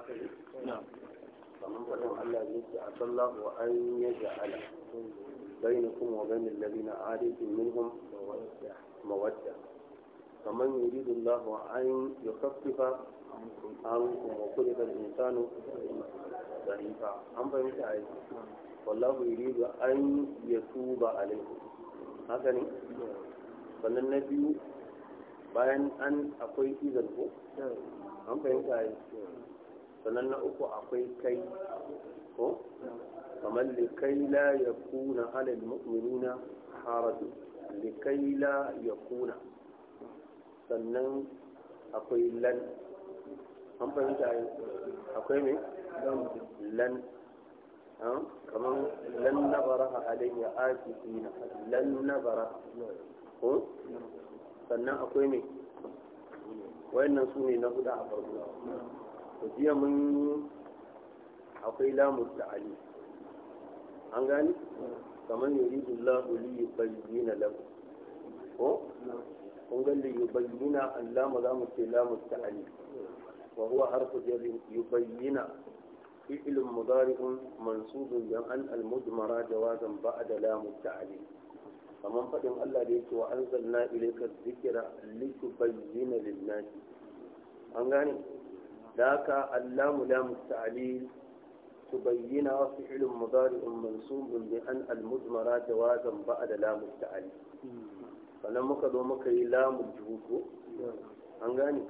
aka yi kamar faɗin Allah ne ke asallahu an ya فمن يريد الله أن يخفف عنكم وخلق الإنسان ضعيفا أم فهمت والله يريد أن يتوب عليكم هكذا فلن نبي bayan an akwai izal ko an fahimta sannan na uku akwai kai ko kamar likai la ya kuna alal mu'minina haradu likai la ya kuna sannan akwai lan an fahimta akwai mai lan kamar lan ya aji akifina lan na bara ko sannan akwai mai wayannan su ne na huda a farko jiya mun akwai lamu Ali, an gani kamar yuridu Allahu li yubayyana lahu ko kun ga li yubayyana allama za mu ce lamu ta'ali wa huwa harfu jar yubayyana fi'l mudari mansub yan an al mudmara jawazan ba'da lamu Ali? kamar fadin Allah da yake wa anzalna ilayka dhikra litubayyana lin-nasi an gani ذاك اللام لام التعليل تبين فعل مضارع منصوب بأن المضمرة جوازا بعد لام التعليل sannan muka zo muka yi lamun juhu an gane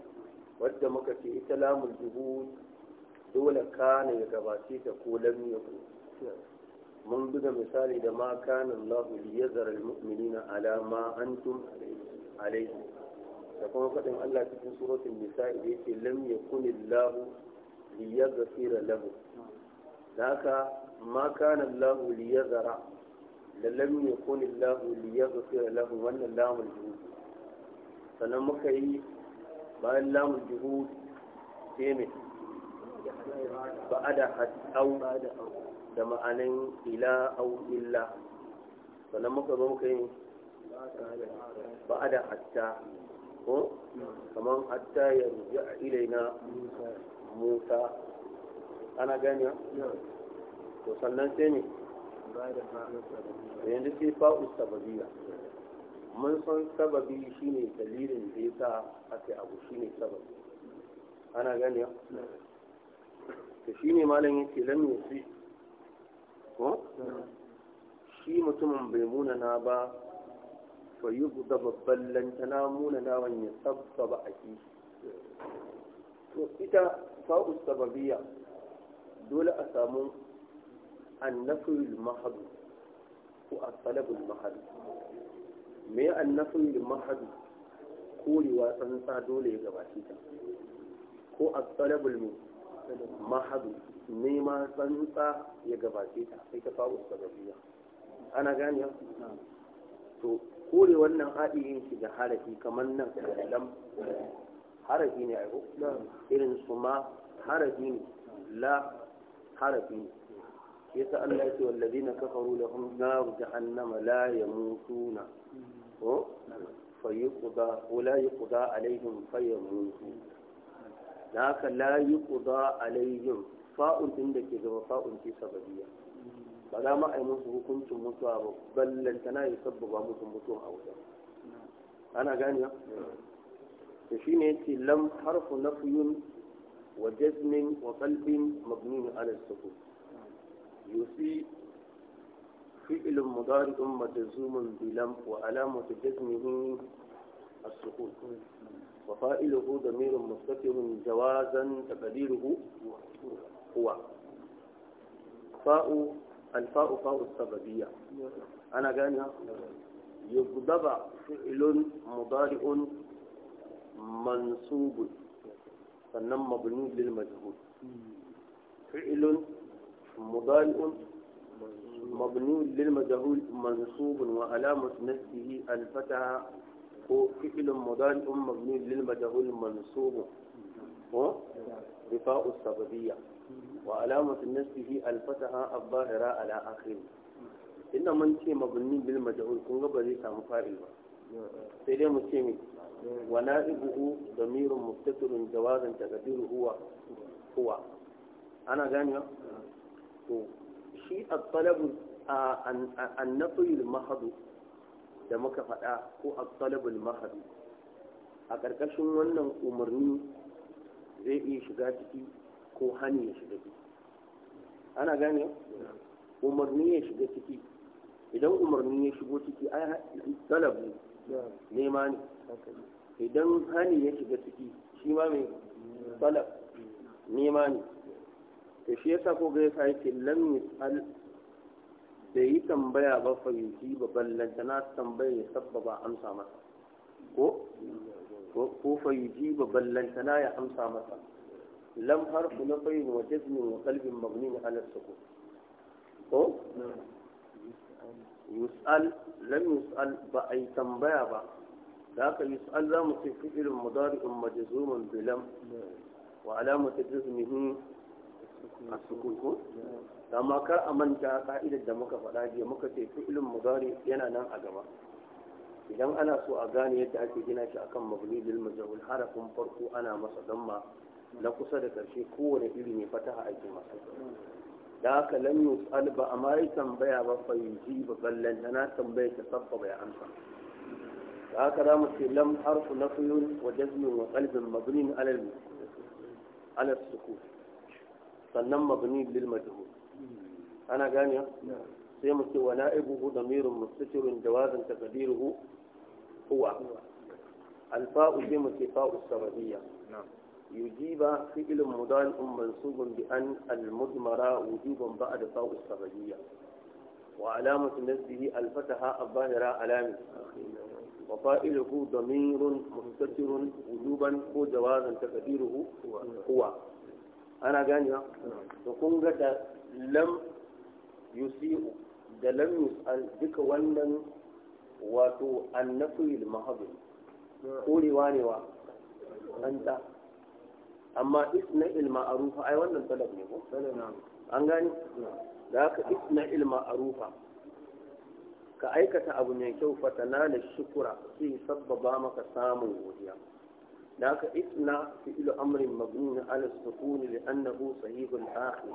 wadda muka ce ita lamun juhu dole kana ya gabace ta ko lam ya ku mun buga misali da ma kana Allah liyazar almu'minina يقول قدم الله في سورة النساء بيتي لم يكن الله ليغفر له ذاك ما كان الله ليذر لم يكن الله ليغفر له وان اللام الجهود فلما كي ما اللام الجهود تيمت بعد أو دم أن إلى أو إلا فلما كي ما كان بعد حتى ko kamar hatta yanzu a na musa ana gani to sannan sai ne yanzu sai fa'u sababiya mun san sababi shine dalilin da ya sa aka abu shine sababi ana gani to shine malam yake lam yusi shi mutumin bai na ba Fa yi da babban lantana muna nawan ya sabba a kishi to ita fa'u sababiya dole a samu annafiyul mahadu ko a talabul mahadu me annafiyul mahadu korewa tsantsa dole ya gabace ta ko a talabul mahadu nema tsantsa ya gabace ta sai ta fa'u sababiya ana gani to kore wannan haɗin shi da harafi kamar nan lam harafi ne aiko irin su ma harafi ne la harafi ne sa Allah ya ce wallazina kafaru lahum naru jahannama la na. ko fayuqda wala yuqda alaihim fayamutu da haka la yuqda alaihim fa'un din da ke gaba fa'un ce sababiyya ba za ma a yi musu hukuncin mutuwa ba ballantana ya sabbaba musu mutuwa a wajen ana ganiya da shi ne yake lam harfu nafiyun wa jazmin wa qalbin mabnun ala sukun yusi fi'l mudari majzumun bi lam wa alamatu jazmihi السكون وفائله ضمير مستتر جوازا تقديره هو فاء الفاء فاء السببية أنا جانا يغضب فعل مضارع منصوب فنم مبني للمجهول فعل مضارع مبني للمجهول منصوب وعلامة نفسه الفتح هو فعل مضارع مبني للمجهول منصوب هو رفاء السببيه وعلامة نفسه الفتحة الظاهرة على آخره إن من شيء مبني بالمجهول كن قبل سام فاعل سيدي مسلمي ونائبه ضمير مستتر جوازا تقدير هو هو أنا جانيا شيء الطلب النطي المحض da muka faɗa ko a talibul mahadi a ƙarƙashin wannan umarni zai iya shiga ciki ko hani ya shiga ciki ana gane umarni ya shiga ciki idan umarni ya shigo ciki ai talabu nema ne idan hani ya shiga ciki shi ma mai talab nema ne to shi yasa ko ga yasa yake lam yusal bai yi tambaya ba fa yuji ba ballanta na tambaya ya sababa amsa masa ko ko fa ba ballan na ya amsa masa lam harfu na fayin wa jazmin wa kalbin magnin ala sukun ko yus'al lam yus'al ba a yi tambaya ba da haka yus'al za mu ce fi'ilin mudari'un majzumun bilam wa alamatu jazmihi a sukun ko amma kar a manta ka'idar da muka faɗa jiya muka ce fi'ilin mudari yana nan a gaba idan ana so a gane yadda ake gina shi akan mabni bil majhul harafin farko ana masa damma na kusa da ƙarshe kowane iri ne fataha ake masa da haka lam yus'al ba amma yi tambaya ba fa yuji ba ballanta na tambaya ta sabba bai amsa da haka za mu ce lam harfu nafiyun wa jazmin wa qalbin mabnin alal alal sukun sannan mabni lil majhul ana gane sai mu ce wa na'ibuhu damirun mustatirun jawazan taqdiruhu huwa alfa'u sai mu ce fa'u sababiyya يجيب فعل مضارع منصوب بأن المضمرة وجوبا بعد فاء السببية وعلامة نزله الفتحة الظاهرة علامة وفائله ضمير مستتر وجوبا هو جوازا تقديره هو أنا جانيا تكون قد لم يسيء da لم يسأل duka wannan wato annafi المهضم mahab korewa ne amma isna ilma arufa ai wannan talab ne ko an gani da haka isna ilma arufa ka aikata abu mai kyau fatana da shukura sai sabbaba maka samun godiya da haka isna fi ilu amrin mabnin ala sukuni li annahu sahihul akhir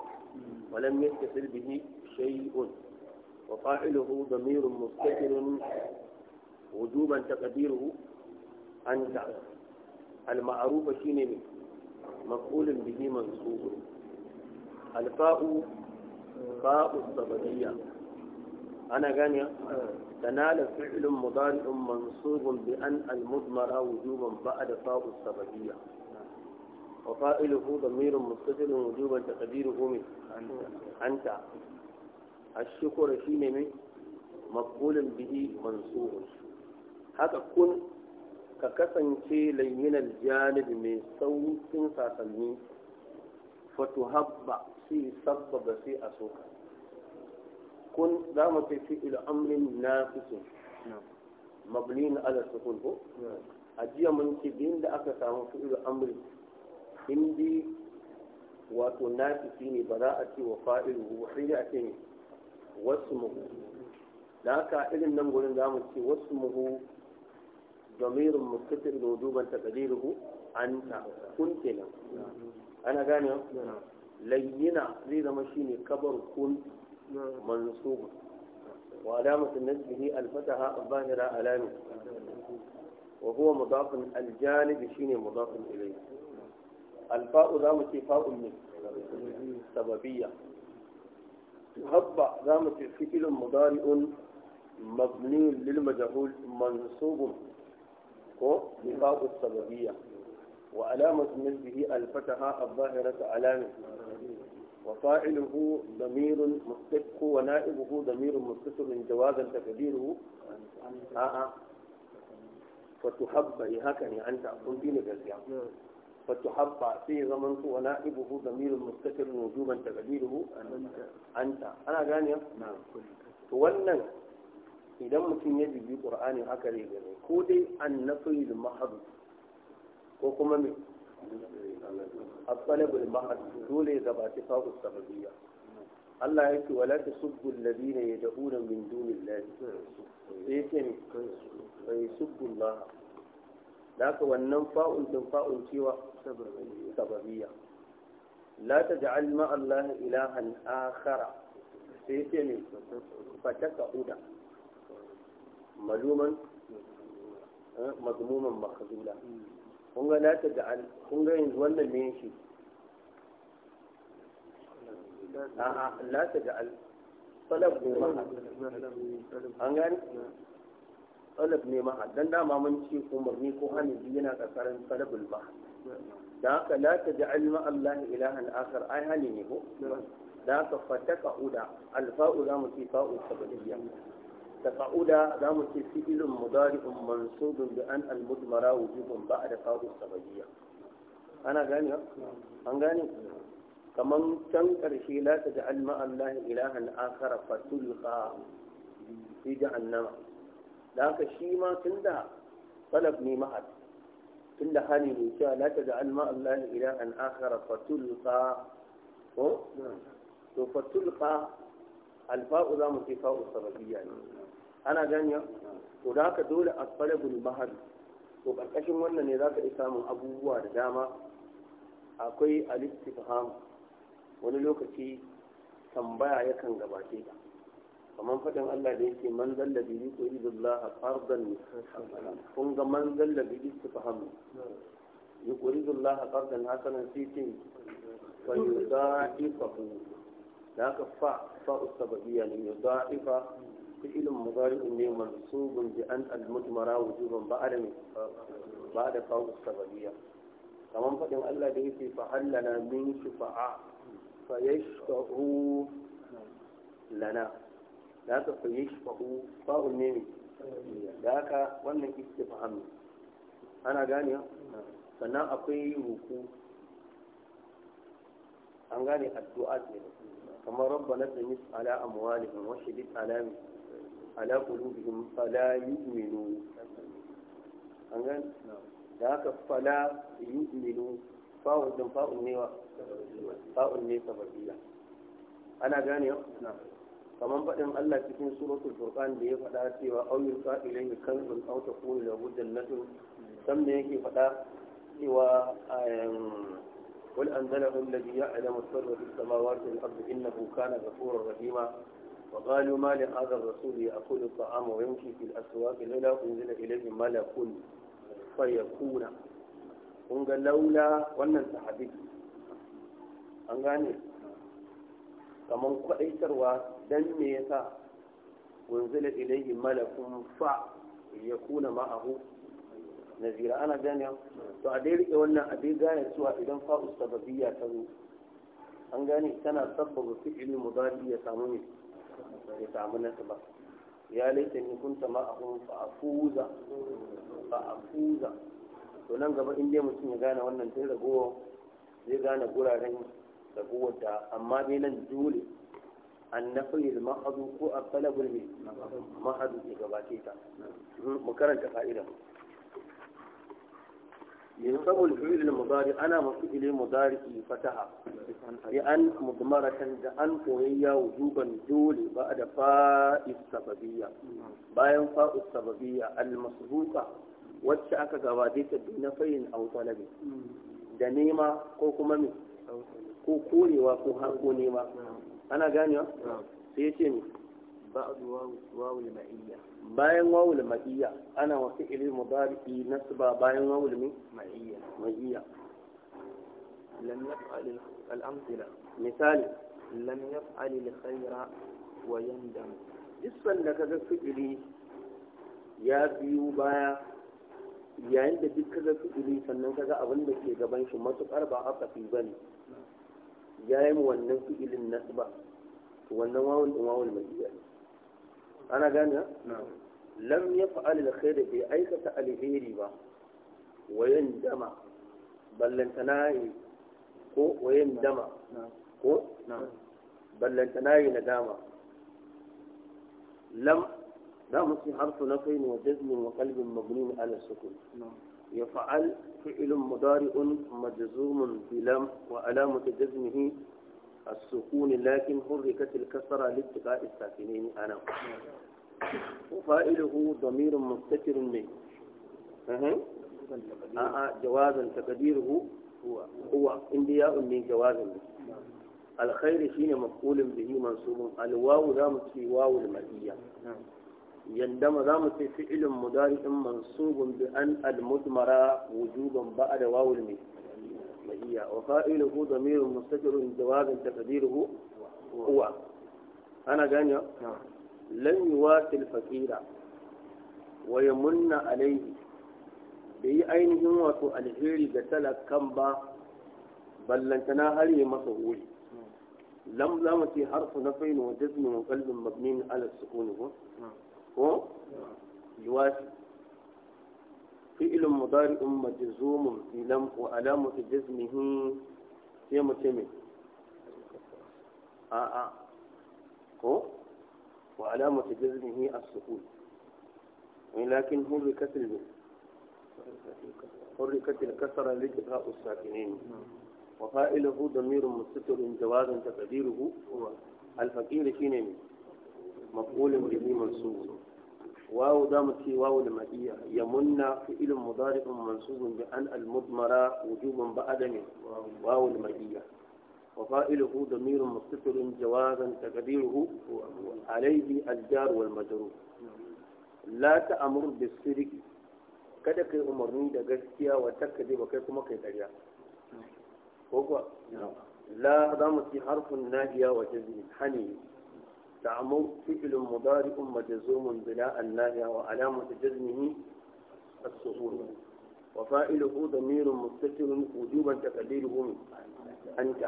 wa lam yattasil bihi shay'un wa fa'iluhu damirun mustatirun wujuban taqdiruhu anta al ma'rufa shine ne مفعول به منصوب الفاء فاء السببية أنا غني تنال فعل مضارع منصوب بأن المضمر وجوبا بعد فاء السببية وفائله ضمير متصل وجوبا تقديره من أنت الشكر شين من مقبول به منصوب هذا كن ka kasance layyinar janib mai saukin sasanni fatu habba sai sabbaba sai a soka kun za mu ce fi amrin na fisun mablin ala sukun ko a jiya mun ce din da aka samu fi amri indi wato nafisi ne ba za a ce wa fa'il ba sai a ce ne wasu mahu. da haka irin nan gurin za mu ce wasu mahu. ضمير متصل وجوبا تقديره أنت كنت نعم أنا قاني نعم. لينا زي ما شيني كبر كنت نعم. منصوبا وعلامة النسب هي الفتحة الظاهرة علامة وهو مضاف الجانب شيني مضاف إليه الفاء ذا فاء من سببية هب ذا فتل مضارئ مبني للمجهول منصوب ko nifaqu sababiyya wa alamatu nazbihi alfataha adh-dhahirata alamin wa fa'iluhu damirun mustaqqu wa na'ibuhu damirun mustaqqu min jawazan takdiruhu a a fa tuhabba ya kani anta kun dina gaskiya fa tuhabba sai zaman su wa na'ibuhu damirun mustaqqu wujuban takdiruhu anta ana gani na'am to wannan idan mutum ya bibi qur'ani haka zai gani ko dai annafil mahadu ko kuma me asalabul mahadu dole ya gabaci fa'u sababiyya Allah yake wala tasubbu alladhina yad'una min dunillahi sai yake ne bai subbu Allah da wannan fa'un din fa'un cewa sababiyya la taj'al ma'a Allah ilahan akhara sai yake ne fataka uda maluman mazmuman makazula kun ga nata da kun ga yanzu wannan ne shi a'a la ta ja'al talab ne mahad an gani talab ne mahad dan dama mun ce umarni ko hanabi yana kasarin talabul mahad da haka la ta ja'al ma Allah ilahan akhar ai hali ne ko da haka fataka uda alfa'u zamu ce fa'u sabadiyya تفعل دام فعل مضارع منصوب بأن المضمرة وجوب بعد قاء السببية أنا غاني أنا غاني كمن تنكر شيء لا تجعل مع الله إلها آخر فتلقى في جهنم ذاك شيء ما تندى طلبني معك تندى حالي من شاء لا تجعل مع الله إلها آخر فتلقى فتلقى الفاء ذا متفاء السببية يعني ana ganiya to da haka dole a faragul mahar to karkashin wannan ne za ka isa samun abubuwa da dama akwai fahamu wani lokaci tambaya yakan gabace ta kamar faɗin Allah da yake man zalla bi ko idullah billah fardan kun ga man zalla bi fahamu yi koyi billah fardan hasanan sai ce fa yudaifahu da ka fa fa ustabiyya ne yudaifa fi'ilun mudari'un ne mansubun bi an al-mutmara wujuban ba'da min ba'da qawl sababiyya kaman fadin Allah da yake fa hallana min shufa'a fa yashfa'u lana da ka fa yashfa'u fa'un ne da ka wannan istifham ana gane sannan akwai ruku an gane addu'a kenan kamar rabba na tamis ala amwalihim wa shidid ala min ala qulubihim fala yu'minu an ga da ka fala yu'minu fa wajen fa ne wa fa ne sabbiya ana gane wa kamar fadin Allah cikin suratul furqan da ya fada cewa awil fa ilayhi kanzun aw taqulu la budda lahu kam ne yake fada cewa ayan qul anzalahu alladhi ya'lamu sirra fis samawati wal ardi innahu kana ghafurur rahima وقالوا ما لهذا الرسول يأكل الطعام ويمشي في الأسواق لولا أنزل إليه ملك فيكون kun ga laula wannan sahabi an gane kamar kwaɗaitarwa don me yasa wanzila ilaihi malakun fa ya kuna ma'ahu nazira ana gane to a dai rike wannan a dai gane cewa idan fa'u sababiyya ta zo an gane tana sabbaba fi'ili mudari ya samu ne ya samu nasu ba ya laita ni kunta ma'ahum fa'afuza fa'afuza to nan gaba in dai mutum ya gane wannan tun ragowa zai gane guraren ragowar da amma dai nan dole an fili ma'azu ko a ne ma'azu ke gabata ta mu karanta ka'idar ينصب الفعل المضارع أنا مفعول مضارع فتحة لأن مضمرة أن قوية وجوبا دول بعد فاء السببية باين فاء السببية المسبوقة wacce aka gabace ta na fayin au talabi da nema ko kuma me ko korewa ko hanko nema ana ganewa sai ya ce ne بعد واو المعية باين واو أنا وفعل المضارع نسبة باين واو المعية معية لم يفعل الأمثلة مثال لم يفعل الخير ويندم جسم لك فعلي يا بيو بايا يا da duk kaga fi'ili sannan kaga abin da ke gaban shi matukar ba aka fi bane yayin wannan ana gane lam ya fa'al da bai aikata alheri ba wayan dama ballantana yi ko wayan dama ko ballantana yi na dama lam دام في حرف نفع وجزم وقلب مبني على السكون يفعل فعل مضارع مجزوم بلم وعلامة جزمه السكون لكن حركت الكسرة لاتقاء الساكنين أنا وفائله ضمير مستتر منه أه. آه جوازا تقديره هو هو انبياء من جواز الخير حين مفعول به منصوب الواو رامت في واو المدية يندم رامت في فعل مضارع منصوب بأن المدمرة وجوبا بعد واو المدية هي وفائله ضمير مستتر جواب تقديره هو أنا جانيا نعم. لن يواسي الفقير ويمن عليه بي أين وتو الهير قتل كمبا بل لن تناهلي مصهول لم لامتي حرف نفين وجزم وقلب مبني على السكون نعم. هو, هو يواسي fi'ilun mudari'un majzumun filam wa alamatu jazmihi sai mu ce me a'a ko wa alamatu jazmihi as-sukun ولكن حركت حركت الكسر لجزاء الساكنين وفائله ضمير مستتر جواز تقديره الفقير شنو مفعول به منصوب واو دامت واو المدية يمن فعل مضارع منصوب بأن المضمرة وجوبا بعدم واو المدية وفائله ضمير مستتر جوازا تقديره عليه الجار والمجرور لا تأمر بالسرق kada kai umarni وتكذب gaskiya wa takka لا kai kuma kai ƙarya ko kuwa تعموا فعل مضارع مجزوم بلا الله وعلامة جزمه السهول وفائله ضمير مستتر وجوبا تقديره أنت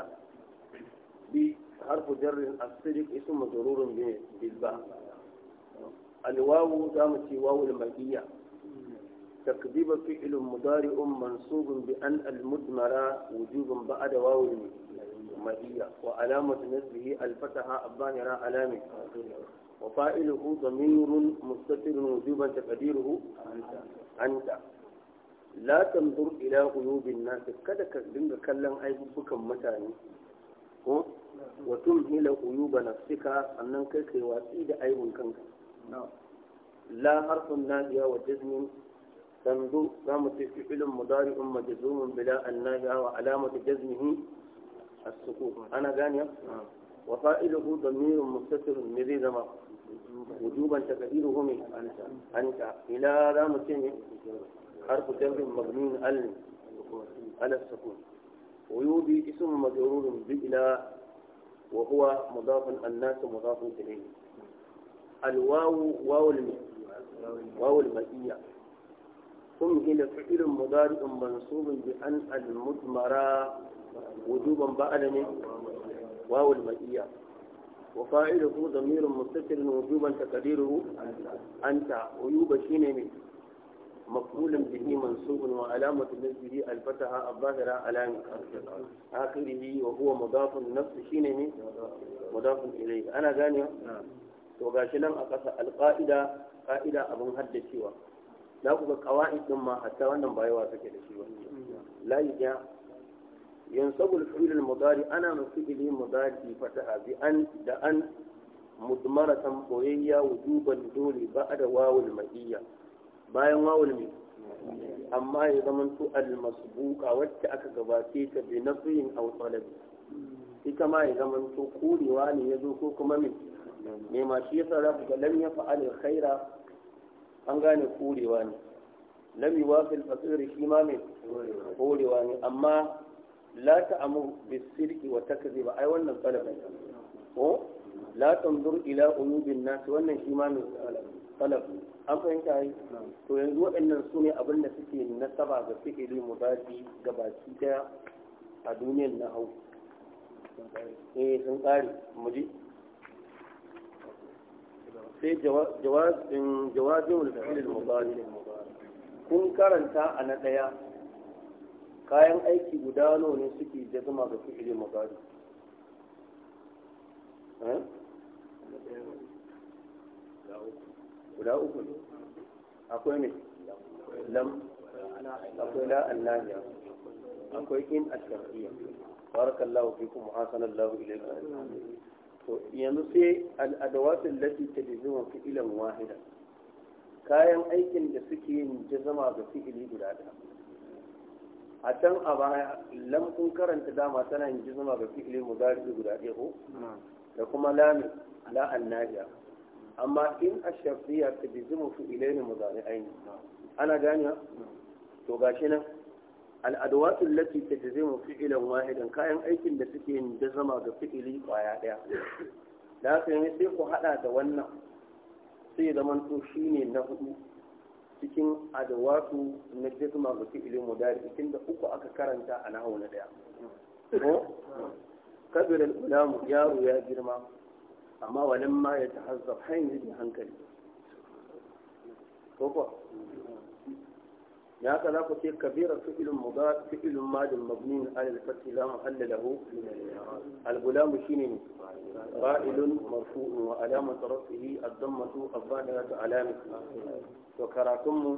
بحرف جر الصدق اسم ضرور بالباء الواو دامت واو المجية تكذيب فعل مضارع منصوب بأن المدمرة وجوبا بعد واو المجية مهية وعلامة نسبه الفتحة الظاهرة علامة وفائله ضمير مستتر وجوبا تقديره أنت لا تنظر إلى قلوب الناس كذا كذبين كلام أيبك متاني وتمهل قلوب نفسك أنك كي واسيد أيب كنك لا حرف نادية وجزم تنظر قامت في فعل مضارع مجزوم بلا الناهية وعلامة جزمه السكون أنا جانيا وفائله ضمير مستتر مذي زما وجوبا تكثيره من أنت إلى ذا مسلم حرف جر مبني على السكون ويوبي اسم مجرور بإلى وهو مضاف الناس مضاف إليه الواو واو المي واو المئية kun gina irin mudari'in mansubin bi an al-mudmara wujuban ba adamin wawul maiya wa fa'iluhu damirun mustatirin wujuban taqdiruhu anta uyuba shine ne مقبول به منصوب وعلامة نزله الفتحة الظاهرة على آخره وهو مضاف نفس شينه مضاف إليه أنا ثانية نعم وقاشلا أقصى القائدة قائدة أبو هد سوى za ku ga kawai din ma hatta wannan bayawa suke da shi la ya yansabu al-fi'l al-mudari ana li mudari fataha bi an da an mudmaratan boyayya wujuban dole da wawul ma'iyya bayan wawul mai amma ya zamanto al-masbuqa wacce aka gabace ta bi nafiyin aw talabi ita ma ya zamanto kurewa ne yazo ko kuma mai mai ma shi yasa za ku ga lam ya khaira an gane korewa ne lam yuwafil fasiri shi ma mai korewa ne amma la bi bisirki wa ba ai wannan kala ne ko la tanzur ila ulubin nas wannan shi ma mai talab an fahimta yi to yanzu waɗannan su ne abin da suke nasaba ga fi'ili mudadi ga baki daya a duniyar na hau eh, sun tsari mu ji sai jawazin jawazin fi'il mubari kun karanta a na daya kayan aiki guda nawa ne suke jazma ga fi'il mudari eh? guda uku ne akwai ne lam akwai la annahiya akwai in al-shar'iyya barakallahu fikum wa hasanallahu ilayka to yanzu sai al'adawatin lati ta jizuma fi'ilan wahida kayan aikin da suke yin jazama ga fi'ili guda ɗaya a can a baya lamkun karanta dama tana yin jazama ga fi'ili mudari guda ɗaya ko da kuma lami la annaja amma in a shafiya ta jizuma fi'ilai ne mudari aini ana ganiya to gashi nan al’adawatu lati ta da zai mu fi’ilan wahidan kayan aikin da suke yin da zama ga fi’ili kwaya ɗaya da haka yi sai ku haɗa da wannan sai zama to shi ne na hudu cikin adawatu na da ga fi’ili mu da cikin da uku aka karanta a auna daya ko kabir al’ulamu yaro ya girma amma walin ma ya ta hazzab hanyar hankali da haka za ku ce kabira fi'ilun mudar fi'ilun madin mabnin alal fathi la mahalla lahu al-gulam shine ne fa'ilun marfu'un wa alama rafihi ad-dammatu adh-dhahiratu alamatu to karatun mu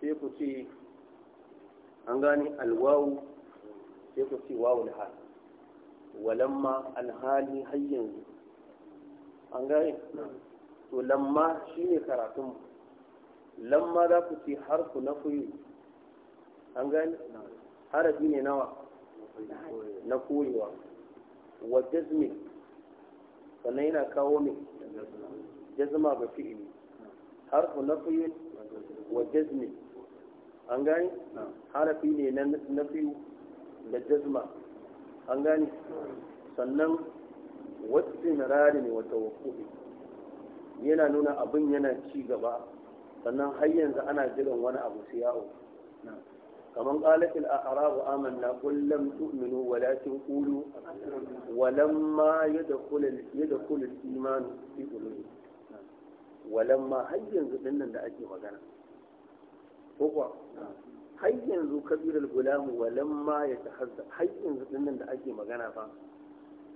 sai ku ce an gane alwawu sai ku ce wawu al-hal walamma al-hali har an gane to lamma shine karatun mu lamma za ku ce harfu na fuyu an gani harafi ne nawa na korewa wa jazmi sannan yana kawo mai jazma ga fi'ili harfu na fuyu wa jazmi an gani harafi ne na fiyu da jazma an gani sannan wasu ne wata wakuɗi yana nuna abin yana ci gaba sannan har yanzu ana jiran wani abu su yawo ƙalafin a a'rabu amanna kullum lam tu'minu walakin qulu walamma yadda yadkhul imanu iman fi qulubikum walamma har yanzu dinnan da ake magana ko kuwa har yanzu al gulamu walamma ya tahazza har yanzu dinnan da ake magana fa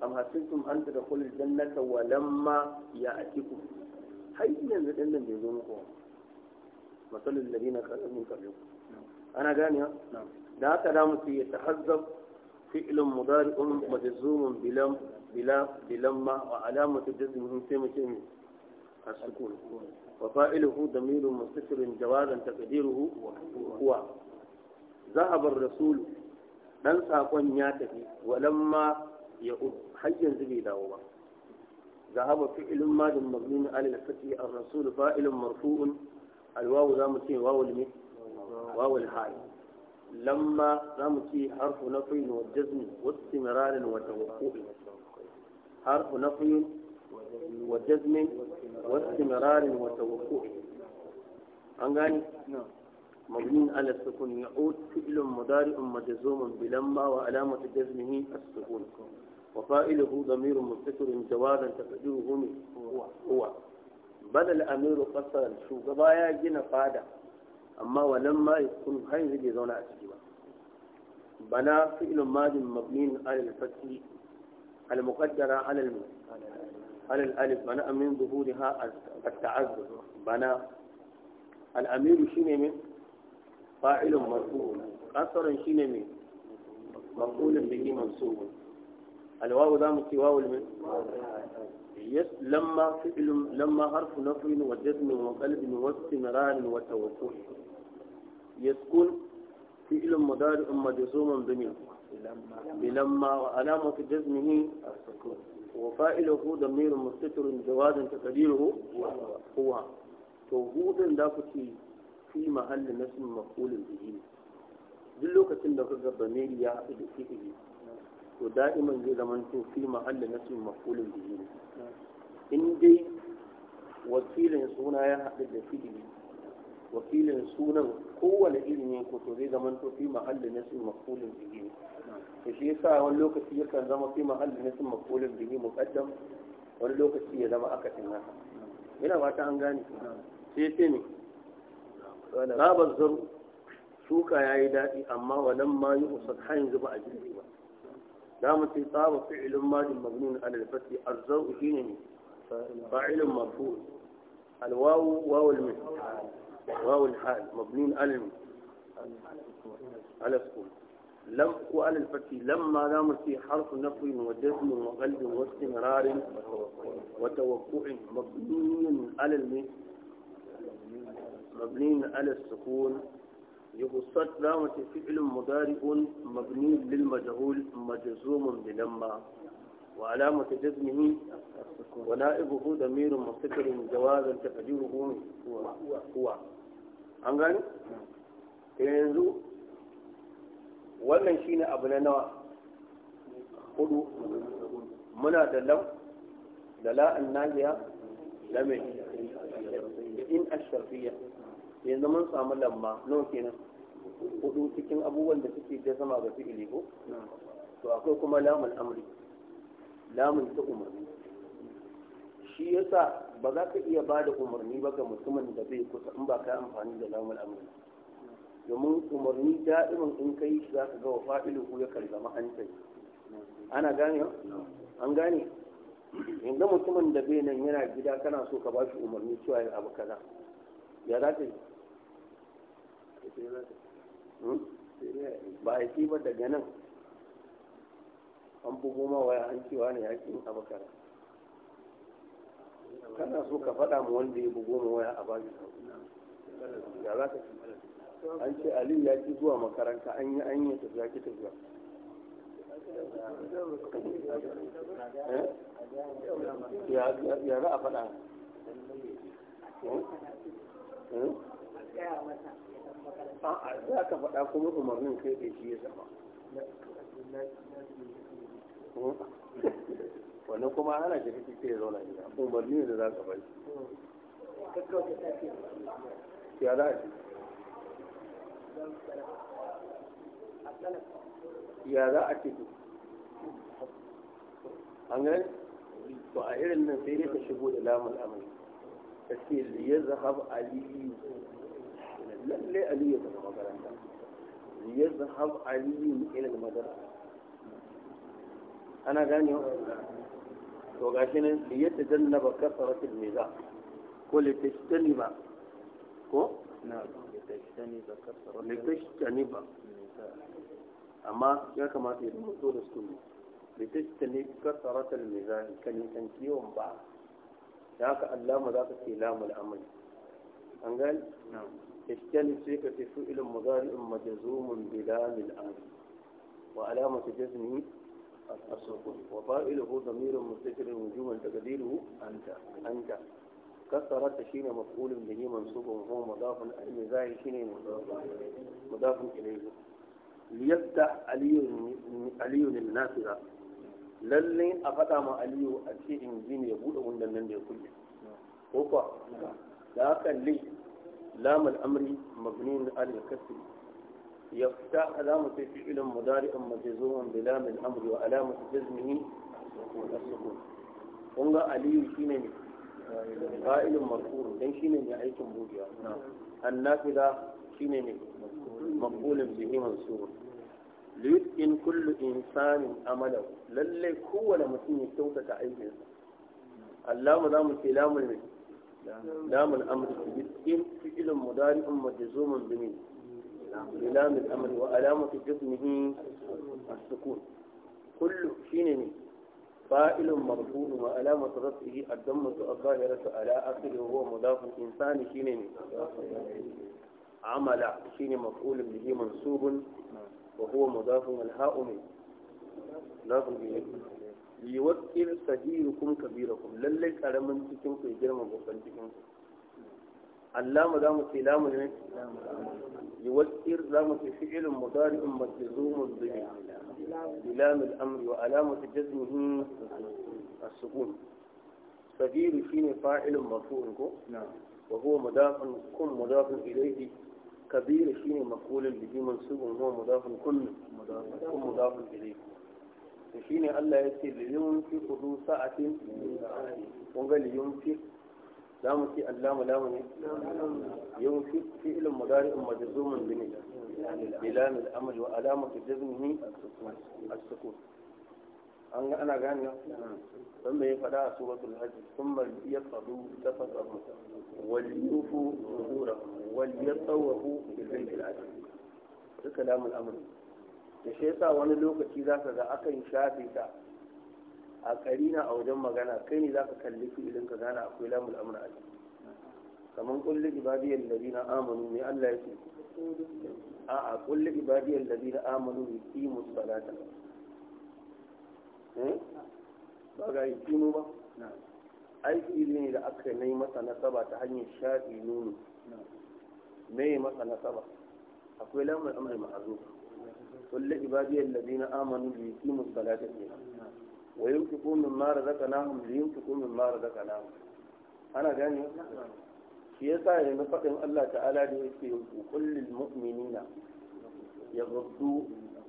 am hasibtum an tadkhulul jannata walamma ya ya'tikum har yanzu dinnan bai zo muku ba مثل الذين خلقوا من قبلهم نعم. أنا جاني نعم لا تلام في يتحذف فعل مضارع مجزوم بلم بلا بلما وعلامة الجزم سيم سيم السكون وفائله ضمير مستتر جوازا تقديره هو ذهب الرسول dan sakon ya tafi walamma ya har yanzu ذهب فعل ماض مبني على الفتح الرسول فاعل مرفوع alwawu za mu ce wawul ne wawul hal lamma za mu ce harfu nafiyin wa jazmi wa istimrarin wa tawaqqu'in harfu nafiyin wa jazmin wa wa an مبني على السكون يعود فعل مضارع مجزوم بلما وعلامة جزمه السكون وفائله ضمير مستتر جوازا تقديره هو هو badal amiru kasar shugaba ya gina fada amma walan ma yakun har yanzu bai zauna a ciki ba bana fi'lun madin mabnin alal fati al muqaddara alal alal alif bana amin min zuhuriha at-ta'azzur bana al'amiru amiru shine min fa'ilun marfu kasarun shine min maf'ulun bihi mansubun al za mu ce wawu min لما فعل لما حرف نفع وجزم وقلب واستمرار وتوسل يسكن فعل مضارع مجزوم بمن بلما وعلامة جزمه السكون وفاعله ضمير مستتر جواز تقديره هو توجودا دافتي في محل نسم مفعول به duk lokacin da kuka ga bamiri ya haɗu da fi'ili to da'iman zai zama to fi mahallin su mafulin bihi in dai wakilin suna ya haɗu da fi'ili wakilin sunan kowane iri ne ko to zai zama to fi mahallin su mafulin bihi to shi yasa wani lokaci yakan zama fi mahallin su mafulin bihi muqaddam wani lokaci ya zama aka haka ina fata an gane sai sai ne rabar zaru shuka ya yi daɗi amma wannan ma yi usat har yanzu ba a girbe ba دام تطاب فعل ماضي مبنون على الفتح الزوء شينه فاعل مرفوع الواو واو المثل واو الحال مبنون على على السكون لم وعلى الفتح لما دام في حرف نفي وجزم وقلب واستمرار وتوقع مبني على المن مبني على السكون يبسط لامة فعل مضارع مبني للمجهول مجزوم بلما وعلامة جزمه ونائبه ضمير مستقر جوازا تقديره هو هو an gani yanzu wannan shine abu na nawa hudu muna da lam da la'an nahiya da mai in asharfiya yanzu mun samu lamma nawa kenan hudu cikin abubuwan da suke da sama ga fi'ili ko to akwai kuma lamun amri lamun ta umarni shi yasa ba za ka iya ba da umarni ba ga mutumin da bai kusa in ba ka amfani da lamun amri domin umarni da'imin in kai shi za ka ga wa fa'iluhu ya karzama an ana gane an gane yanzu mutumin da bai nan yana gida kana so ka ba shi umarni cewa ya abu kaza ya za ka yi Hmm? ba a ci ba daga nan an bugo ma waya an cewa ne yakin abakar kana so ka faɗa mu wanda ya bugo ma waya a baki ya za ka ci an ce aliyu ya ki zuwa makaranta an yi an yi tafiya ki tafiya eh? ya za a faɗa hmm? Hmm? a'a za ka faɗa kuma umarnin kai da shi ya zama wannan kuma ana shi kake ya zauna gida umarni ne da za ka bai ya za a ya za a ce an gani to a irin nan sai ne ka shigo da lamun amai ka ce ya zahab aliyu lalle aliyu ba na makaranta ya zahab aliyu ilal madrasa ana gane to gashi nan ya tajannaba kasaratul miza ko tani ba ko na litajtaniba kasaratul litajtaniba amma ya kamata ya zama da su litajtanib kasaratul miza kan yi kan kiwon ba da ka allama za ka ce lamul amali an gani iskan sika fi fi'ilin mazari'in majazumun bilamil amri wa alamatu jazmi asrukun wa fa'iluhu damirun mustaqirin wujuman taqdiruhu anta anta كسرت شين مفعول به منصوب وهو مضاف اليه زاي شين مضاف اليه ليفتح علي علي للناصرة للي افتح مع علي اشي انجين يبود عند من يقول هو da haka li lamal amri mabnin al kasri يفتح علامة فعل مضارع مجزوم بلام الأمر وعلامة جزمه السكون kunga aliyu shine ne fa'ilun marfurun dan shine ne aikin bugiya annafida shine ne maqulun bihi mansur in kullu insanin amalahu Lallai, kowane mutum ya kyautata aikinsa Allah mu zamu ce lamul mai لام الأمر بالإن فعل مضارع مجزوم بمن بلام الأمر وعلامة جزمه السكون كل شين فاعل مرفوع وعلامة رفعه الضمة الظاهرة على آخره وهو مضاف إنسان شين عمل شين مفعول به منصوب وهو مضاف والهاء من مضاف إليه liwakil sahirukum kun lalle karamin cikin ku girma babban cikin ku Allah mu mu ce lamu ne liwakil za ce fi'ilun mudari'un majzumun bihi bilam amri wa alamatu jazmihi as-sukun sahiru shine fa'ilun maf'ul ko مضاف كن مضاف إليه bi مضاف كن to shine Allah ya ce li yunfi qudu sa'atin kun ga li yunfi za mu ce Allah mu lamu ne yunfi fi'lun mudari'un majzumun bi bilam al-amr wa alamatu jazmihi as-sukun an ga ana gane don me ya faɗa a suratul hajj thumma yaqdu tafaqahu wal yufu zuhura wal yatawafu bil bayt al-atiq duka lamul amr da shi yasa wani lokaci za ka ga akan shafe ta a karina a wajen magana kai ne za ka kalli fi'ilin ka gana akwai lamul amra a kamar kulli ibadiyar ladina amanu mai Allah yake a a kulli ibadiyar ladina amanu bi qimu salata eh ba ga qimu ba aiki ne da aka yi masa nasaba ta hanyar shafi nuno mai masa nasaba akwai lamul amri ma'ruf kulli ibadiyal ladina amanu bi yuqimu salata wa yunfiqu mimma razaqnahum li yunfiqu mimma razaqnahum ana gane shi yasa yanzu faɗin Allah ta'ala da yake kullil mu'minina ya gudu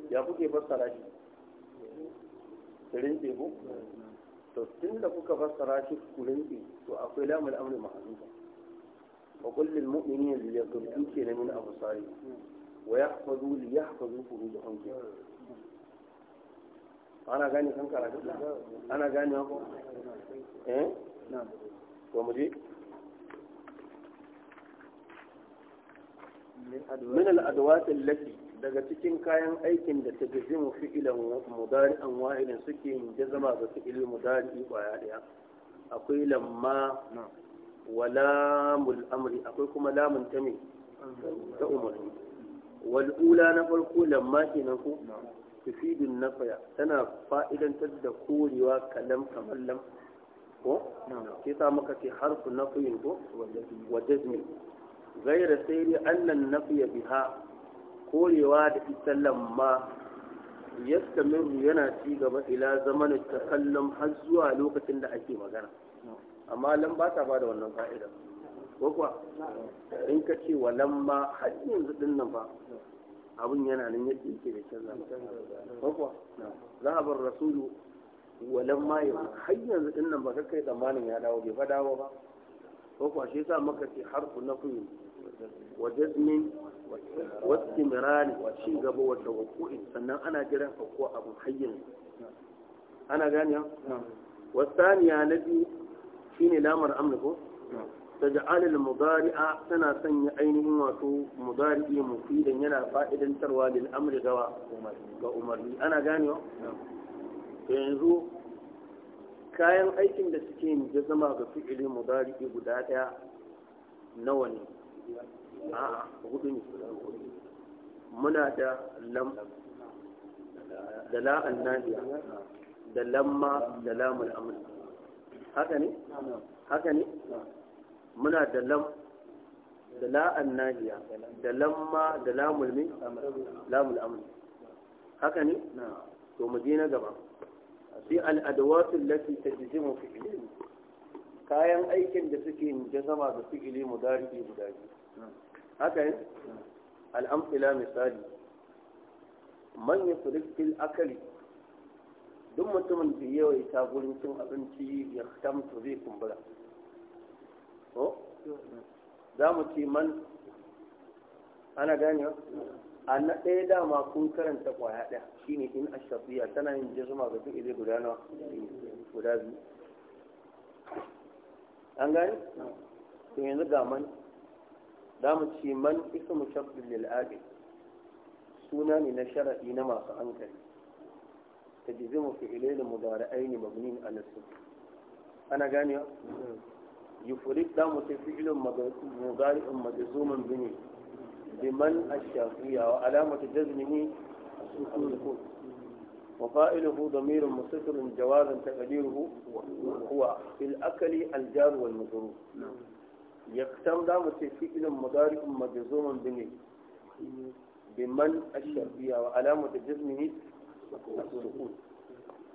ya kuke fassara shi kirin ɗebo to tun da kuka fassara shi kurin to akwai lamar amri ma'azuka wa kullil mu'minina ya gudu na min abu sari ويحفظوا ليحفظوا فروجهم li ya hafazu furu da hanku ana gane نعم karatu ana gane ko eh to mu je daga cikin kayan aikin da ta jazimu fi'ilan an wahidin suke yin jazama ga fi'il mudari kwaya daya akwai lamma wa lamul amri akwai kuma lamun tami ta umarni wal'ula na farko lamma kenan ko na faya tana fa'idantar da korewa kalam kamar lam ko ke sa muka ce harfu nafiyin ko wa jazmi gaira sai dai annan nafiya biha korewa da ita lamma yastamiru yana ci gaba ila zamanin kallon har zuwa lokacin da ake magana amma lam ba ta ba da wannan fa'idan. ko kuwa in ka ce wa lamma har yanzu din nan ba abin yana nan yadda yake da canza ko kuwa za a bar rasulu wa lamma yau har yanzu din nan ba ka kai tsammanin ya dawo bai fa dawo ba ko kuwa shi yasa maka ce harfu na kuyi wa jazmin wa istimrari wa ci gaba wa tawakkuin sannan ana jiran ko abun har yanzu ana gane wa saniya na biyu shine lamar amna ko تجعل المضارع سنة tana sanya واتو مضارع مفيدا ينا فائدا تروى للأمر غوا وأمري أنا yanzu kayan aikin da suke yin ya zama ga fi'ili mudari guda daya nawa ne A'a hudu ne muna da lam da lamma da haka ne haka ne muna da lam da la'an nahiya da lamma da lamul min lamul amri haka ne to mu je na gaba al al'adawatul allati tajzimu fi ilmi kayan aikin da suke jazama da fi'ili mudari guda biyu haka ne al'amfila misali man yusrif fil akli duk mutumin da ta gurin cin abinci ya tamtu zai kumbura ko za mu ci man ana gane a na ɗaya dama kun karanta ƙwaya ɗaya shine in ashafiya tana yin jazuma ma duk ile guda nawa guda biyu an gani? to yanzu ga man za mu ci man mu shafi lil'aqil suna ne na shara'i na masu hankali ta jizimu fi ilailin mudara'ai ne mabnin alasu ana gane يفرق دام متفعل مضارع مجزوم به بمن الشافية وعلامة جزمه السكون وفائله ضمير مستتر جوازا تقديره هو في الأكل الجار والمجرور يختم دام متفعل مضارع مجزوم به بمن الشافية وعلامة جزمه السكون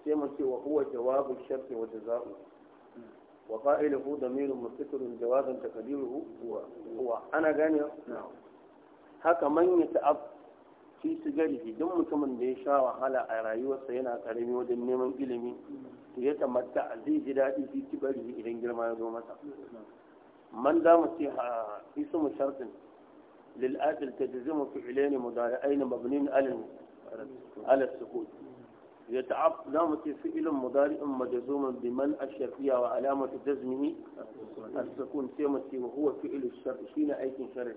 كما وهو جواب الشرط وجزاؤه وفائله ضمير مستتر جوازا تقديره هو هو انا غاني نعم هكا من يتعب fi sigarihi duk mutumin da ya sha wahala a rayuwarsa yana karami wajen neman ilimi to ya tamatta zai ji daɗi fi sigarihi idan girma ya zo masa man za mu ce a ismu shartin lil'adil ta jizimu fi'ilai ne mudari'ai ne mabnin alin alas sukut يتعب لامة نعم فعل مضارع مجزوم بمن الشرطية وعلامة جزمه السكون سيمة وهو فعل الشرط شين أيك شرعي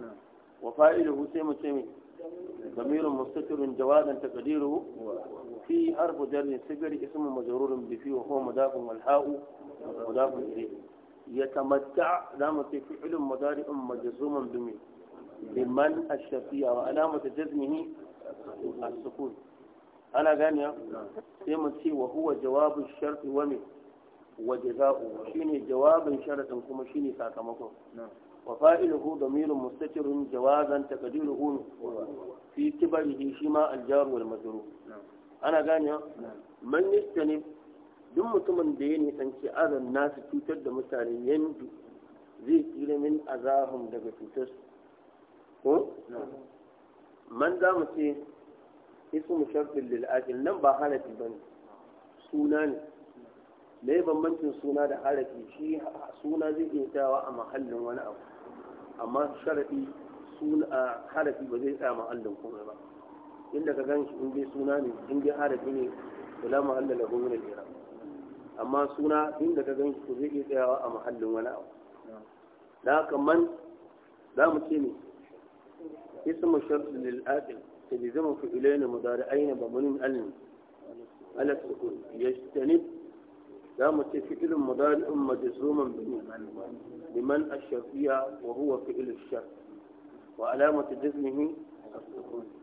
نعم. وفاعله سيمة سيمة ضمير مستتر جوادا تقديره في حرف جر سجر اسم مجرور بفي وهو مضاف والحاء مضاف إليه يتمتع لامة نعم فعل مضارع مجزوم بمن بمن الشرطية وعلامة جزمه السكون ana gani sai mu ce wa huwa jawabin sharti wa me wa jaza'u shine jawabin sharadin kuma shine sakamakon wa fa'iluhu damirun mustatirun jawazan taqdiruhu fi kibarihi shima al-jar wal majrur ana gani man yastani duk mutumin da ya nisanci azan nasu cutar da mutane yanzu zai tsira min azahum daga cutar ko man za mu ce ismu shartin lil nan ba harafi bane suna ne me bambancin suna da harafi suna zai iya tsayawa a mahallin wani abu amma sharafi suna harafi ba zai tsaya mahallin komai ba inda ka gan in dai suna ne in dai harafi ne to la mahalla lahu min al amma suna inda ka gan shi zai iya tsayawa a mahallin wani abu da haka man za mu ce ne ismu shartin lil يلزم فعلين مضارعين مبنون ألم ألا السكون يجتنب لا متفكر مضارع مجزوما بمن لمن الشرقية وهو فعل الشر وعلامة جزمه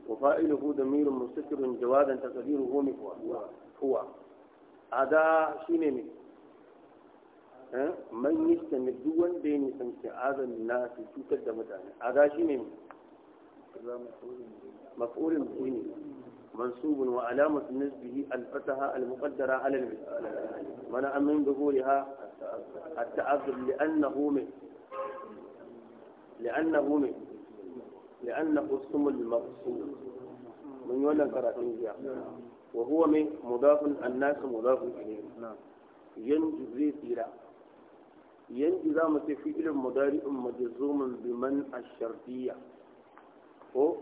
وفائله ضمير مستتر جوادا تقديره هو هو هذا شيء من يجتنب دون بين سمسي هذا الناس يتوتر هذا شيء مفعول به منصوب وعلامة نسبه الفتحة المقدرة على المثال منع من ظهورها التعذر لأنه من لأنه من لأنه اسم المقصود من يولى كراتين وهو من مضاف الناس مضاف إليه نعم. ينجز سيرا ينجز متفئل مضارئ مجزوم بمن الشرطية هو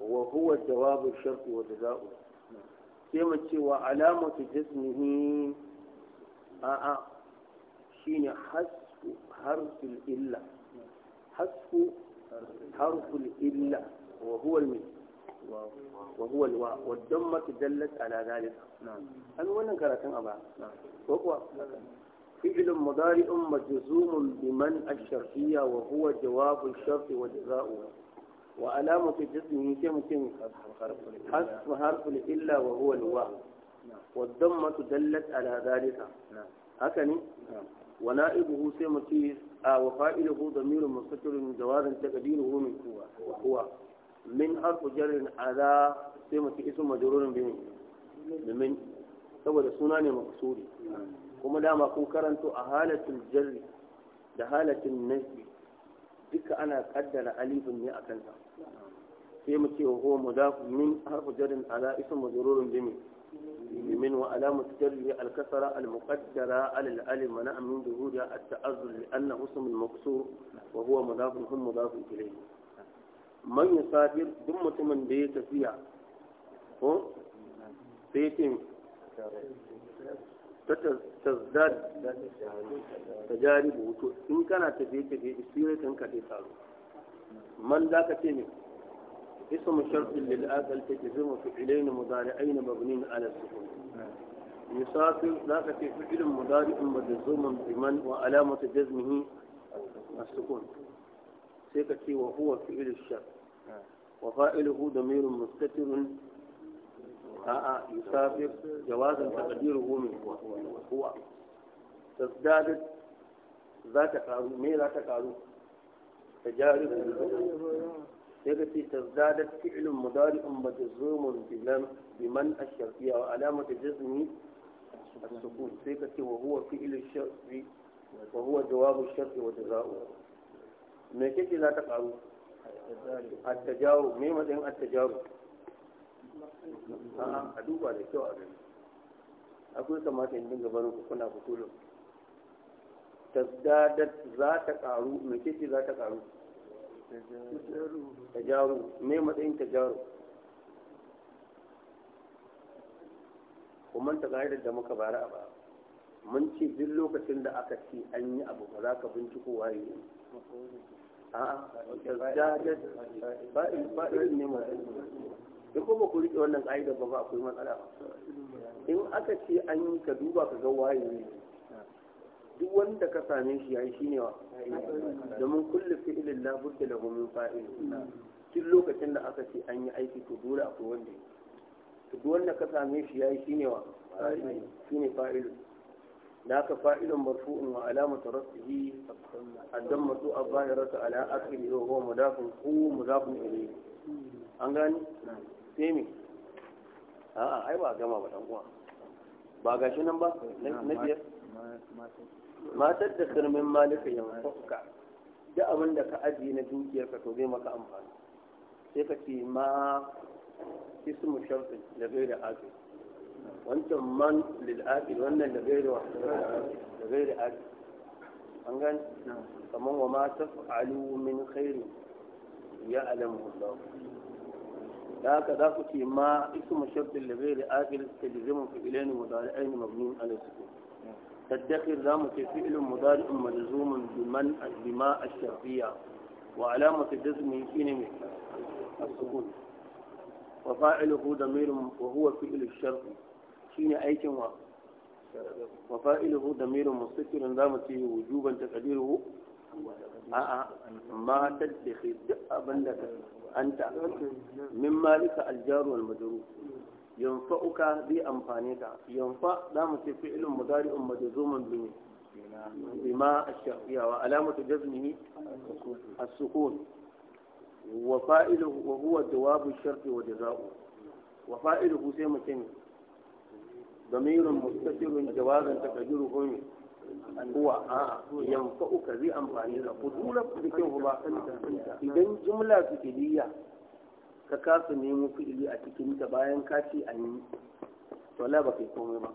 وهو جواب الشرط وجزاؤه كما تشوى علامة جسمه آآ آه آه. شين حذف حرف الإلا حذف حرف الإلا وهو المثل وهو الواء والدمة دلت على ذلك نعم هل وانا كراتن أبا نعم وهو فعل مضارع مجزوم بمن الشرطية وهو جواب الشرط وجزاؤه وعلامة جسمه كم حسب حرف إلا وهو الواو والضمة دلت على ذلك هكذا ونائبه سيمتيز آه وفائله ضمير من جواز تقديره من هو وهو من حرف جر على سيمتي اسم مجرور بمن بمن سوى سنان مقصوري كما دام أكون كرنت أهالة الجر لهالة النسب duka ana kaddara alifin ne a kanta sai mu ce huwa mudafu min harfu jarin ala ism majrurun bimi min wa alamat jarri al kasra al muqaddara al alif mana min duhuri at ta'azzur li anna ism al maksur wa huwa mudafun hum mudafun ilayhi man yusafir duk mutumin da ya tafiya ko sai tazdad tajaribu to in kana tafiye tafiye sirrai kan kaɗe taro man za ka ce ne isa musharfin lil'asar ta ke zama su ilayna mudari aina babini na ala su misafi ka ce su ilin mudari in bada zama biman wa alamata jazmihi a sukun sai ka ce wa huwa fi ilin shar wa fa'ilu da mirin muskatirun a'a yusafir jawazan taqdiru hu kuwa, huwa tasdadit za ta karu me za ta karu tajarib sai ka ce tasdadat fi'lun mudari'un majzumun bilan biman ash-shartiyya wa alamatu jazmi السكون سيكت وهو فعل الشرط za ta الشرط A ta كيف me matsayin a ta التجاوب a duba da kyau a gani akwai kamata in dinga barin ku kuna fitulun tazdadat za ta karu mai ce za ta karu tajaru me matsayin tajaru kuma ta ga'idar da muka bara a ba mun ce duk lokacin da aka ce an yi abu ba za ka binciko waye ne a'a tazdadat ba ba'il ne matsayin in kuma ku riƙe wannan ƙa'idar ba ba akwai matsala ba in aka ce an yi ka duba ka ga waye ne duk wanda ka same shi yayi shine wa domin kullu fi'lin la budda lahu min fa'il tun lokacin da aka ce an yi aiki to dole akwai wanda to duk wanda ka same shi yayi shine wa shine fa'il da aka fa'ilun marfu'un wa alamatu rasihi addamma su abahiratu ala akhiri wa huwa mudafun hu mudafun ilayhi an gani temi a a'a ai ba gama ba dan uwa ba gashi nan ba na biyar matar da sirmin malika fuka da abin da ka ajiye na ka to zai maka amfani sai ka ce ma ismu shartin da zai da ake wancan man lil'aƙil wannan da zai da da da ake an gani kamar wa ma taf'alu min khairin ya alamu Allah da haka za ku ce ma isu mu shabdi labari akil ta jizimun fi ilayni mudari ainihin mabnin alaikun taddakir za mu ce fi'ilin mudari in majazumun biman azima a shafiya wa alamata jazmi shi ne mai asukun wa fa'iluhu da mirin wa huwa fi'ilu shi ne aikin wa wa fa'iluhu da mirin musikirin za mu ce wujuban takadiru a'a ma taddafi duk abin da anta min malika aljaru wal Yanfa uka bi amfani ka yanfa za mu ce fi'ilun mudari'un majzumun bi bima ash-shafiya wa alamatu jazmihi as-sukun wa fa'iluhu wa huwa jawabu ash-shart wa jazaa'u wa fa'iluhu sai mu ce damirun mustatirun jawazan taqdiruhu min huwa a yanfa'uka zai amfani ka ku da kyau ba idan jumla fi'iliya ka kasa nemo fi'ili a cikin ta bayan ka ce an yi to la ba kai komai ba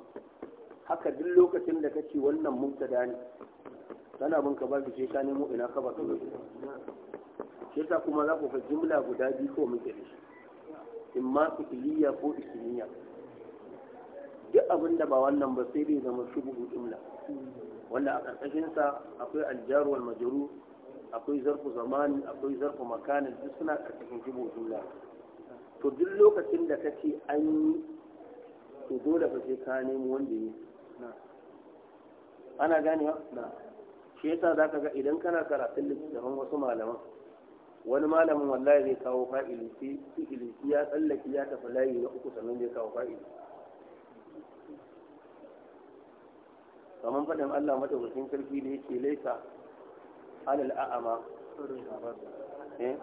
haka duk lokacin da kace wannan mubtada ne kana bin ka ba ki ka nemo ina ka ba kai yasa kuma za ku ga jumla guda biyu ko muke da shi imma fi'iliya ko ismiya duk abin da ba wannan ba sai dai zama shubuhu jimla. wanda a ƙarƙashinsa akwai aljaru wal majaru akwai zarfu zamani akwai zarfu makanin duk suna ƙarƙashin jibo juna to duk lokacin da ka ce an yi to dole fa sai ka nemo wanda yi ana na shi yasa za ka ga idan kana karatun littattafan wasu malaman wani malamin wallahi zai kawo fa'ili sai ya tsallaki ya tafi layi na uku sannan zai kawo fa'ili kamar faɗin Allah madaukakin sarki da yake laisa alal a'ama eh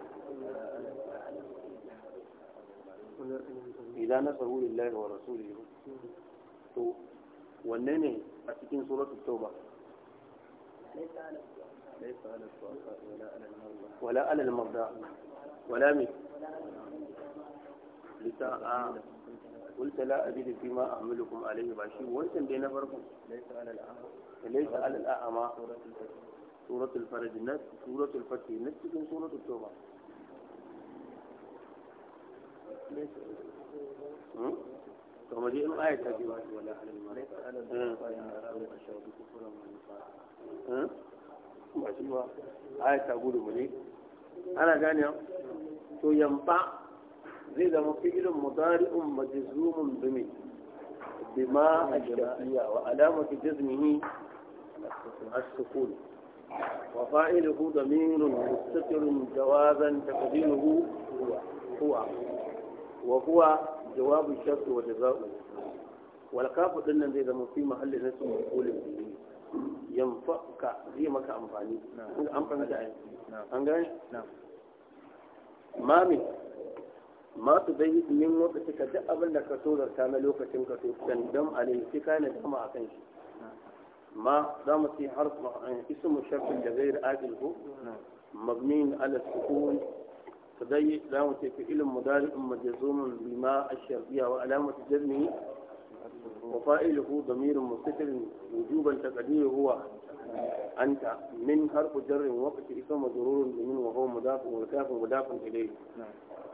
idan nasaru lillahi wa rasulihi to wanne ne a cikin suratul tauba ولا على المرضى ولا من لساء قلت لا أجد فيما أعملكم عليه بشير وين بين فرقم ليس على الأعمى ليس على الأعمى سورة الفرج نفس سورة الفتح نفس من سورة التوبة to mu je in aya ta biyu ba shi ba aya أنا gudu mu ne ana gane to yamba zai zama fi'ilun mudari'un majzumun bimi bima ashkafiya wa alamatu jazmihi as-sukun wa fa'iluhu damirun mustatirun jawazan taqdiruhu huwa wa huwa jawabu shart wa jazaa'u wal kafu dinnan zai zama fi mahallin nasu maqulin bihi yanfa'uka zai maka amfani an fahimta an gane Mami. ma su bai min wata suka duk abin da ka so na lokacin ka so can dam alai sai ka ne dama a kan shi ma za mu sai har ismu shafin da zai ra'adil ko ala sukun بما الشرطية وعلامة جزمه وفائله ضمير مستتر وجوبا min هو أنت من حرف جر وقت اسم ضرور من وهو wa والكاف مضاف إليه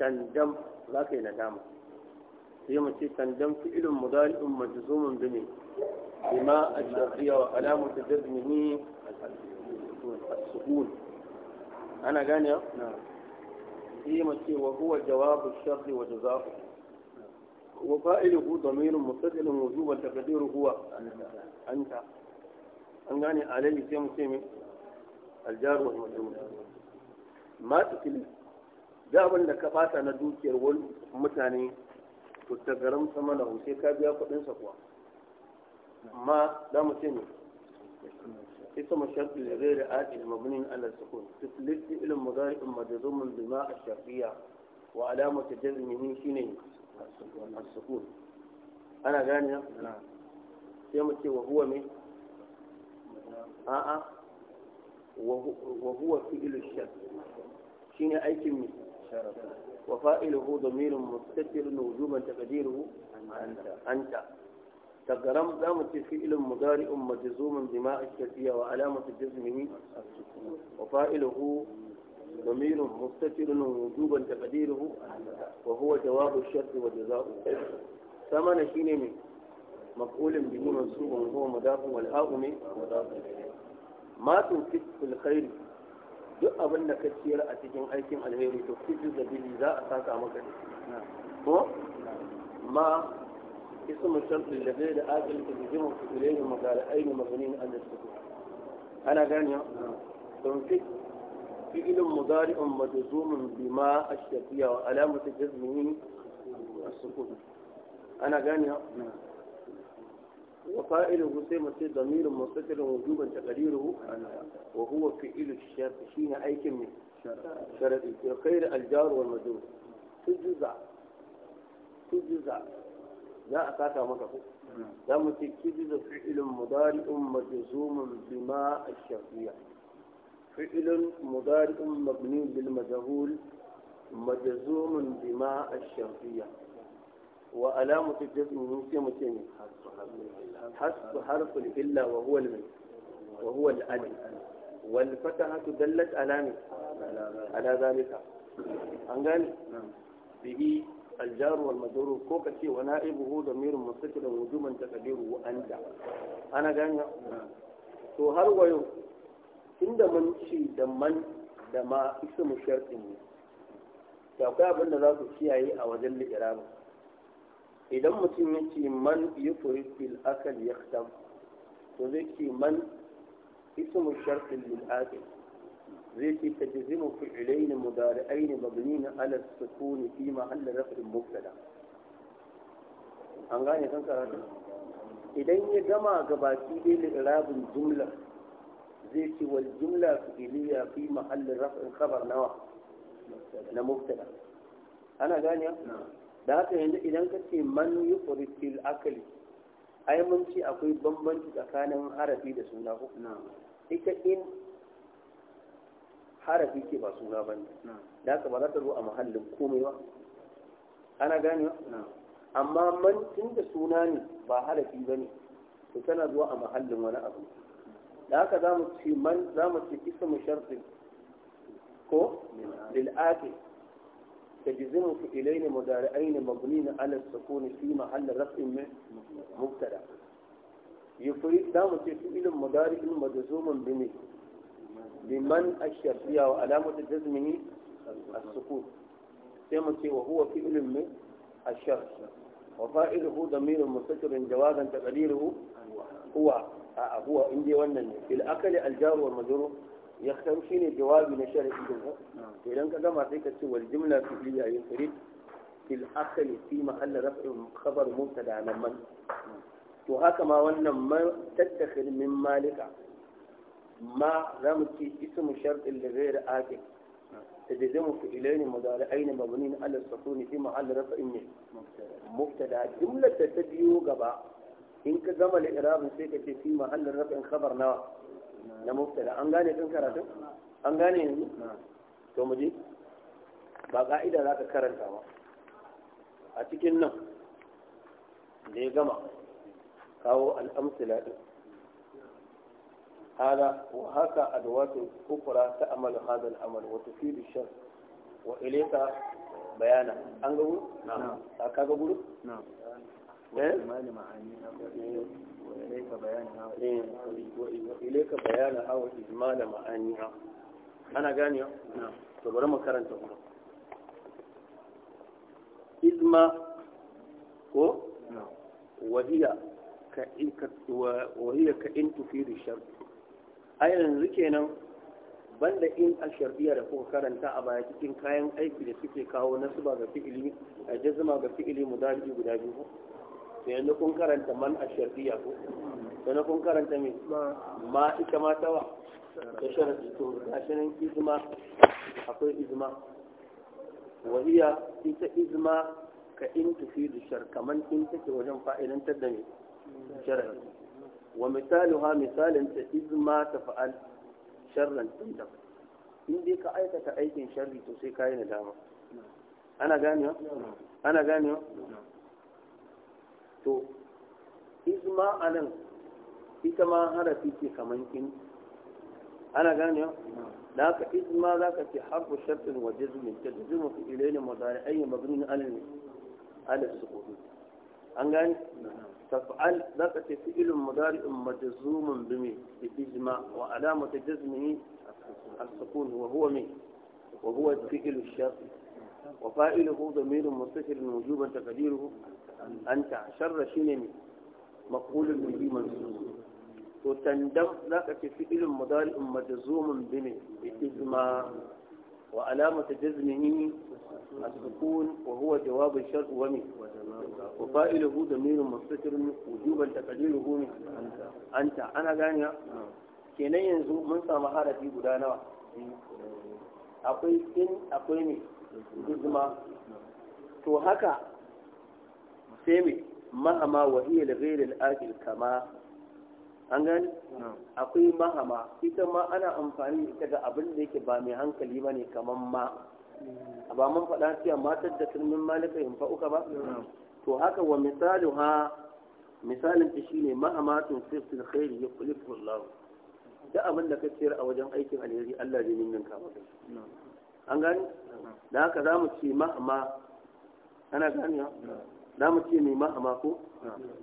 تندم لكن ندامة يوم من تندم فعل مضارع مجزوم بمن بما الشرطية وعلامة جزمه السكون أنا قاني نعم هي من وهو جواب الشرط وجزاؤه وفائله ضمير مستدل وجوب التقدير هو أنت أن قاني عليه يوم سيما الجار والمجهول ما تكلم abin da ka fata na dukiyar wani mutane tuttagaran sama na sai ka biya kuɗinsa kuwa amma za mu ce ne ita mu shafi da zai da ake mabinin alal sukun tuflisti ilin mazari'in majazumin zuma a shafiya wa alamata jazmini shi ne a ana gani ya sai mu ce wa huwa me a'a wa huwa fi ilin shi ne aikin mai وفائله ضمير مستتر وجوبا تقديره أنت تقرم دام فعل مضارع مجزوم دماء الشرطية وعلامة جزمه وفائله ضمير مستتر وجوبا تقديره وهو جواب الشرط وجزاؤه ثمن شيني مفعول به منصوب وهو مضاف والهاء مضاف ما تنفق في الخير duk abin da ka ciyar a cikin aikin alheri to kudu da bili za a saka maka da ko ma اسم الشرط الذي لآجل تجزمه إليه مقال أين مبنين أن يسكتوا أنا غانيا تنفيذ فعل مضارع مجزوم بما الشرطية وعلامة جزمه السكون أنا غانيا وفائله سيما سي ضمير مستتر وجوبا تقريره وهو فعل الشرط شين أي كلمة شرط خير الجار والمجرور تجزع تجزع لا أتاكا مكفو لما تجزع فعل مضارع مجزوم بما الشرطية فعل مضارع مبني بالمجهول مجزوم بما الشرطية wa alamatu jazmihi sai mu ce ne hasbu harfu illa wa huwa al wa huwa al wal fatahatu dallat ala ala zalika an gane bihi الجار والمجرور كوكا ونائبه ضمير مستقل وجوبا تقديره أنت أنا جانيا تو هل ويو عند من شيء دمن دما اسم الشرط ne to akwai abin da za su kiyaye a wajen liƙirama idan mutum ya ce man ya yufrid fil akal ya yaktam to zai ce man mu sharfin lil akal zai ce ta mu fi da tajzimu fi'lain mudari'ain mabniin ala sukun fi mahall raf'in mubtada an gane kan karatu idan ya gama gabaki ɗaya da li'rabin jumla zai ce wal jumla fi fi'liya fi mahall raf'in khabar nawa na mubtada ana gane da haka yanzu idan ka ce man yi fil akali ai mun ce akwai bambanci tsakanin harafi da suna ko ita in harafi ke ba suna ba ne da haka ba za ta zo a mahallin komai ba ana gane ba amma man tun da suna ne ba harafi ba ne to tana zuwa a mahallin wani abu da haka za mu ce man za mu ce isa mu sharfi ko lil'aƙi تجزم إلينا مدارئين مبنين على السكون في محل رفع من مبتدا يفيد دام تفعيل مدارئ مجزوم بمن أشر فيها وعلامة جزمه السكون كما وهو في من الشر وفائله ضمير مستتر جوازا تقديره هو هو عندي ونن في الاكل الجار والمجرور ya san shi ne jawabi na shari'i din to idan ka gama sai ka ce wal jumla fi'liya yunfarid fil akhli fi mahall raf'in khabar mubtada nan man to haka ma wannan ma tadakhir min malika ما رمتي اسم شرط لغير آكل تجزم فعلين مضارعين مبنين على السكون في محل رفع من مبتدا جملة تبيو غبا إن كزم الإعراب سيكة في محل رفع خبر nawa. na muftada an gane kan karatun an gane yanzu to mu je ba ka'ida za ka karanta ba a cikin nan da ya gama kawo al'amsila ɗin hada wa haka adwatul kufra ta'malu hadha al'amal wa tufidu shar wa ilayka bayana an ga guru na'am ka ga guru na'am eh ilaika bayana hawa ijma da ma'ani ha ana gani ya to bari mu karanta kuma ijma ko wahiya ka in ka wahiya ka in tufiri shart nan, yanzu kenan banda in a sharbiya da kuka karanta a baya cikin kayan aiki da suke kawo nasuba ga fi'ili a jazma ga fi'ili mudari guda biyu da yanzu kun karanta man a shafiya ko na kun karanta mai ma ita ma tawa da sharafi to gashinan izma akwai izma wahiya ita izma ka in tafi da shar kaman in take wajen fa'ilantar da mai sharafi wa ha misalin ta izma ta fa'al sharran tunta in dai ka aikata aikin sharri to sai ka yi nadama ana ganewa ana ganewa to izma a nan ita ma harafi ce kamar kin. ana gane da ka izma za ka ce harfu shartin wa jizmin ta jizmin fi ilayin mazari ayyun mabinin alin alif su kudu an gane tafa'al za ka ce fi ilin mazari in majizumin bimi fi izma wa alama ta jizmin al-sukun wa huwa mai wa huwa fi ilin shafi wa fa'ilu hu zamirin mustahilin wujuban takadiru anta sharra shine ne maqulun bihi mansub to tandam zaka ce fi'ilun mudari'un majzumun bi ne isma wa alamatu jazmihi السكون وهو جواب الشرط ومن وفائله ضمير مستتر وجوبا تقديره من أنت أنا غانيا kenan yanzu mun samu harafi guda nawa akwai in akwai ne to haka sai me mahama wa iya da gairin kama an gani akwai mahama ita ma ana amfani ita ga abin da yake ba mai hankali ba ne kamar ma a mm. ba man faɗa cewa matar da turmin malika yin fa'uka ba to haka wa misalin ha misalin ta shine mahamatun sifil khairi ya kulifu Allah da abin da ka tsira a wajen aikin alheri Allah zai ninninka kama. an gani da haka za mu ce mahama ana gani za mu ce mai ma'ama ko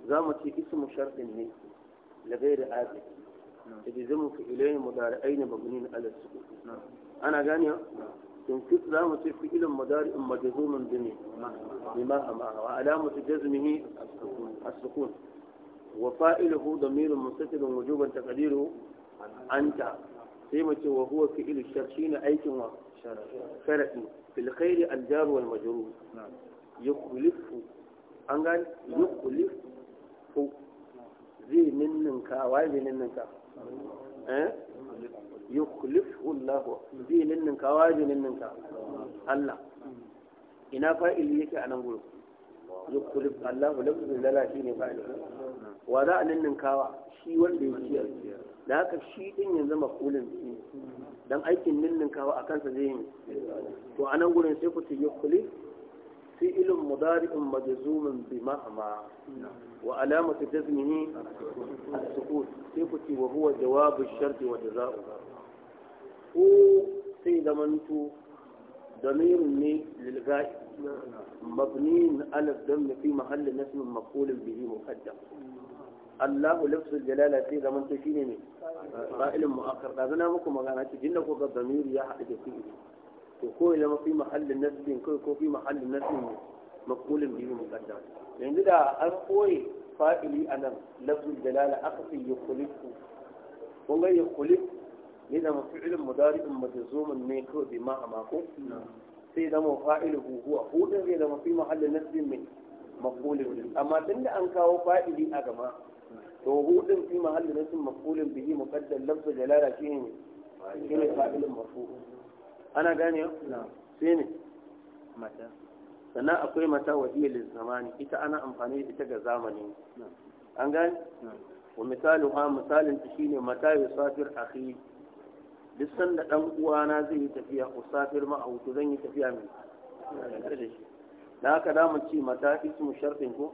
za mu ce ismu sharɗin ne lagairi adil da bi zama fi ilayin mudari aini mabnin ala sukun ana gani تنكس لا مصير في إلى مدار مجزوم بمي بما أمعها وعلامة جزمه السكون وفائله ضمير مستتر وجوبا تقديره أنت سيمة وهو في إلى الشرشين أيك وشرشين في الخير الجار والمجرور يخلفه an gani yukuli ko zai ninninka waye zai ninninka eh yukhlifu Allah zai ninninka waye zai ninninka Allah ina fa'ili yake a nan gudu? yukhlifu Allah lafzul shi ne fa'ili wa za a wa shi wanda ya ciyar da haka shi din yanzu makulin shi dan aikin wa a kansa zai yi to a nan gurin sai ku ce yukhlifu فعل مضارع مجزوم بمهما وعلامة جزمه السكوت سيكتي وهو جواب الشرط وجزاؤه هو سيد منتو ضمير للغاية مبني على الضم في محل نسم مقول به مقدم الله لفظ الجلالة سيد منتو شيني قائل مؤخر قادنا مكو مغانا تجنكو ضمير يا حق فيه ko ya zama fi mahallin kai ko fi mahallin nasbin maqulun bihi muqaddam yanzu da an koyi fa'ili anan lafzul jalala aka fi yukhliqu kun ga yukhliq ne da mafi'ilin mudari'in majzumun ne kawai bi ma sai zama fa'iluhu huwa hudin zai zama fi mahallin nasbin mai maqulun amma an kawo fa'ili a gaba to hudin fi mahallin nasbin maqulun bihi muqaddam lafzul jalala shine shine fa'ilin mafu'ul ana gane sai ne mata sannan akwai mata wahiyar zamani ita ana amfani da ita ga zamani an gane wa misalin ha misalin ta ne mata ya safir fi duk sanda dan uwana zai yi tafiya ko safir ma auto zan yi tafiya mai Na haka da mu ce mata su sharfin ko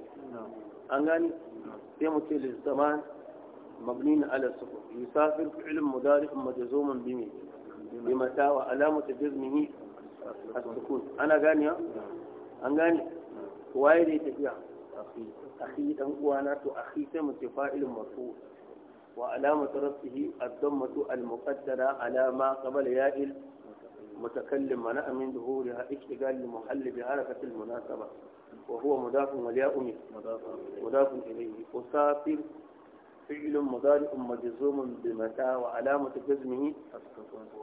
an gane sai mu ce lil zaman مبني على السكون يسافر فعل مضارع مجزوم بمين بمتاع وعلامة جزمه السكون أنا غاني أنا غاني كواي لي أخي أخي تنقو أنا تو أخي تم تفائل مرفوض وعلامة ربه الضمة المقدرة على ما قبل يائل متكلم من ظهورها اشتغال لمحل بحركة المناسبة وهو مضاف ولياء مضاف إليه وساطر فعل مضارع مجزوم بمتى وعلامة جزمه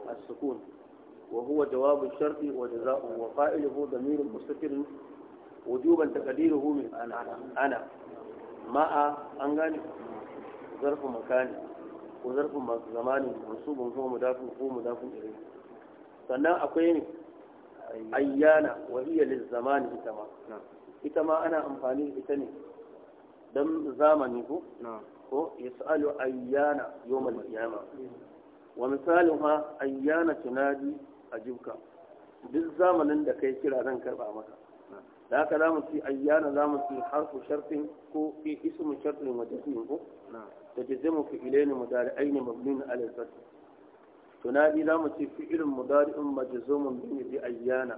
السكون وهو جواب الشرط وجزاء وقائله ضمير مستتر وجوبا تقديره من أنا أنا مع أنغاني ظرف مكان وظرف زمان منصوب هو مضاف هو مضاف إليه sannan akwai ne وهي للزمان hiya lizzamani ita ma ita ma ana amfani ita ko sa'alu ayyana yawmal qiyama wa misaluha ayyana tunadi ajibka duk zamanin da kai kira zan karɓa maka da haka za mu ci ayyana za mu ci harfu shartin ko ismu shartin wa jazmin ko da mu fi mu dari aini mabnin ala fath tunadi za mu ci fi'ilun mudari'un mu bi bi ayyana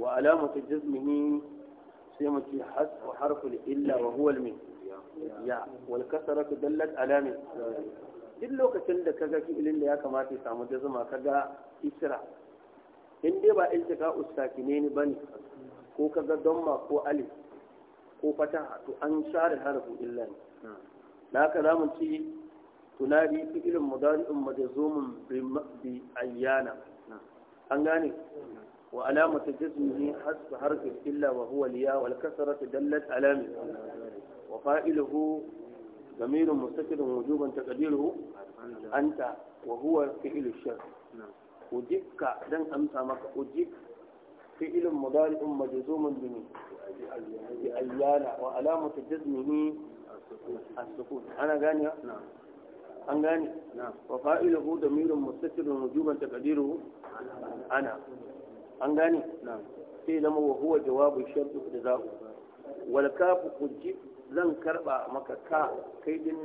wa alamatu jazmini sai mu ci harfu illa wa huwal al-min ya wal kasaratu dallat alami duk lokacin da kaga fi'ilin da ya kamata ya samu jazma kaga isra in dai ba iltika ustakine ne bane ko kaga damma ko alif ko fataha to an share harfu illa ne da haka mu ci tunari fi'ilin mudari'un majzumun bi ayyana an gane Wa hasu جزمه illa wa huwa liya wal والكسرة dallat alami وفائله ضمير مستتر وجوبا تقديره أنت وهو فعل الشر أجبك دن أمسى مك أجب فعل مضارع مجزوم به بأيانا وعلامة جزمه السكون أنا غانية نعم an gane wa fa'ilahu da mirin mustaqirin wujuban taqdiruhu ana an gane sai zama wa huwa jawabu shartu da za'u wal kafu ujib zan karba maka ka kai din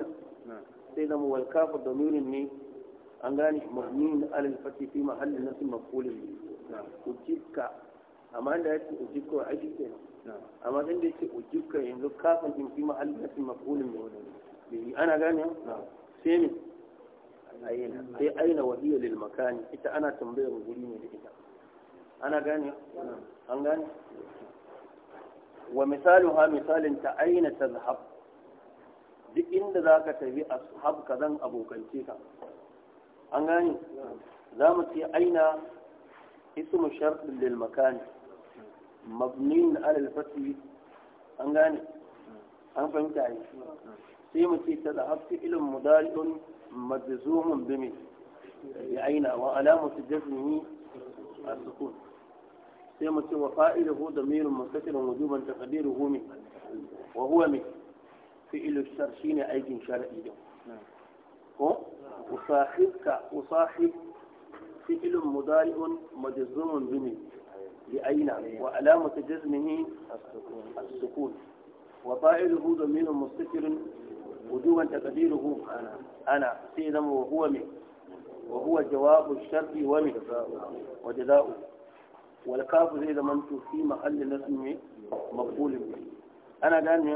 nan sai zama wal kafu damirin ne an gane mabnin alal fati fi mahallin nasu mafulin ne ujibka amma da yake ujibka wa aiki ke amma dan da yake ujibka yanzu kafin din fi mahallin nasu mafulin ne ana gane sai ne sai aina wahiyya lil makani ita ana tambayar guri ne da ita ana gane an gane wa misaluha misalin ta aina tazhab duk inda za zaka tafi ashab ka zan abokance ka an gane za mu ce aina ismu shart lil makani mabni alal fasi an gane an fahimta yi sai mu ce ta fi'lun mudari'un majzumun bimi ya aina wa su alamatu a sukun. سيما سوى فائله ضمير منفصل وجوبا تقديره من وهو منه فعل الشرشين أي جن شرعي جو وصاحبك وصاحب فعل مضارع مجزوم بمن لأين وعلامة جزمه السكون وفاعله ضمير مستتر وجوبا تقديره أنا أنا سيدم وهو من وهو جواب الشرط ومن وجزاؤه wal zai zama to fi mahallin nasu ne maqulun ana gane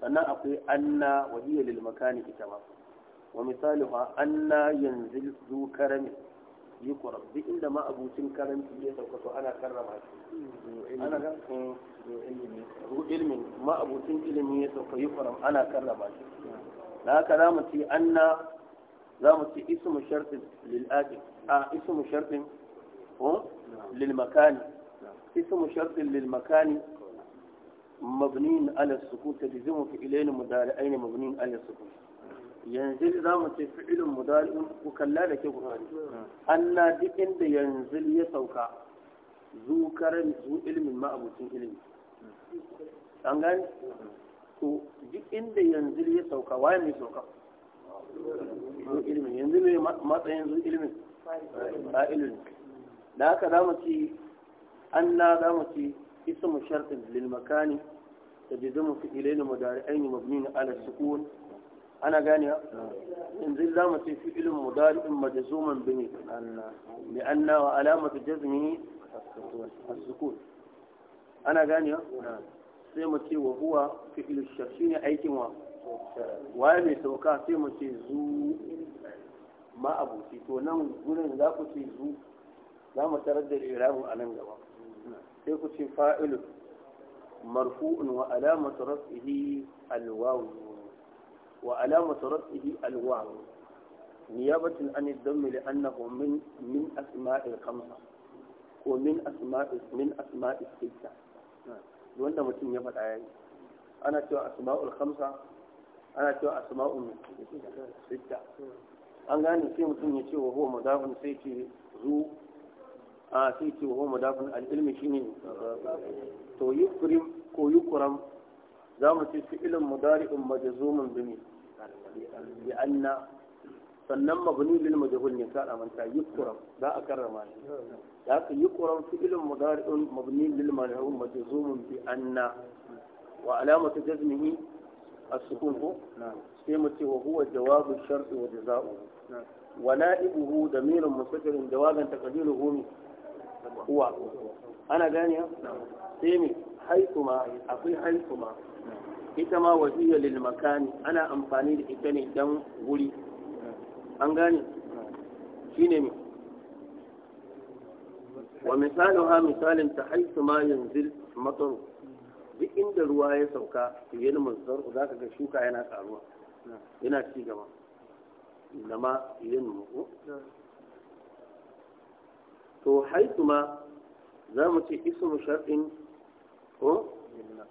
sannan akwai anna wa hiya makani ita ma wa misaluha anna yanzil zu karami yukura duk inda ma ya sauka to ana karrama shi ana ga ru ilmin ma abucin ilimi ya sauka yukura ana karrama shi da haka za mu anna za mu ismu shartin a ismu shartin ko للمكان اسم شرط للمكان مبني على السكون تجزم فعلين مضارعين مبنيين على السكون ينزل زامن فعل مضارع وكلا لك قرآن أن دي عند ينزل يسوكا ذو كرم ذو علم ما أبوتين علم an gani to duk inda yanzu ya sauka waye mai sauka ilimin yanzu mai matsayin zuwa ilimin ba ilimin da haka za mu ci an na za mu ci ismu shartin lil da jizumu fi ilaini mudari aini mabni na ala sukun ana gane yanzu za mu ce fi ilin mudari in majazuman bi ne bi anna wa alamatu jazmi as-sukun ana gane sai mu ce wa huwa fi ilin ne aikin wa waye mai sauka sai mu ce zu ma to nan gurin za ku ce zu za mu tarar da irabu a nan gaba sai ku ce fa'ilu marfu'un wa alamatu raf'ihi alwawu wa alamatu raf'ihi alwawu niyabatan an ad-damm li annahu min min asma'il khamsa ko min asma'i min asma'i sita wanda mutum ya faɗa yayi ana cewa asma'ul khamsa ana cewa asma'ul sita an gane sai mutum ya ce wa huwa mudafun sai ce zu a ah, sai ce wa mudafin al'ilmi shi ne. to yi kurim ko yi kuram za mu ce fi'ilin mudari'in majazumin bimi bi anna sannan mabni lil majhul ne ka amanta yi kuram za a karrama shi da haka yi kuram fi'ilin mudari'in mabni lil majhul majazumin bi anna wa alamatu jazmihi السكون هو سيمتي وهو جواب الشرط وجزاؤه ونائبه ضمير مستتر جوابا تقديره uwa ana gani ya sai mai haikuma akwai haikuma ita ma wasiya lil makani ana amfani da ita ne dan wuri an gane ne mai wa ha misalin ta haitu ma yanzil duk inda ruwa ya sauka yin mazdar za ka ga shuka yana karuwa yana ci gaba nama yin muku to haithuma اسم mu ce ismu shar'in ko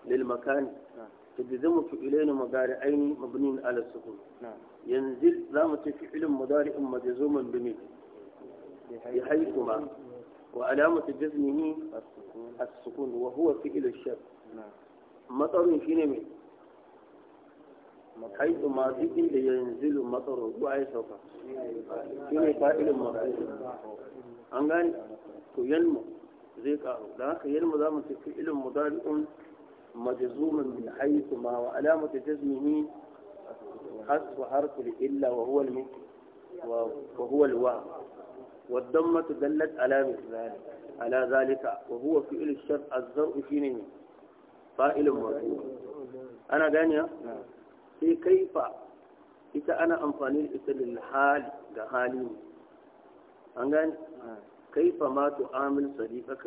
lilmakani تجزم مضارعين مبنين على السكون ينزل لامة فعل مضارع مجزوما بمثل بحيثما وعلامة جزمه السكون وهو فعل الشر مطر شنو حيث ما ذكي ينزل مطر هو أي سوف كيني فائل مرحيل أنغان كو ينمو ذيك أهو لأنك ينمو داما تفائل مدارع مجزوم من حيث ما وعلامة جزمه حس وحرك إلا وهو الم وهو الوا والضمة دلت على مثال على ذلك وهو فئل الشرط الزرء في نمي فائل أنا دانيا نعم. sai kaifa ita ana amfani da ita lil hali ga hali ne an gane kaifa ma tu'amil sadiqaka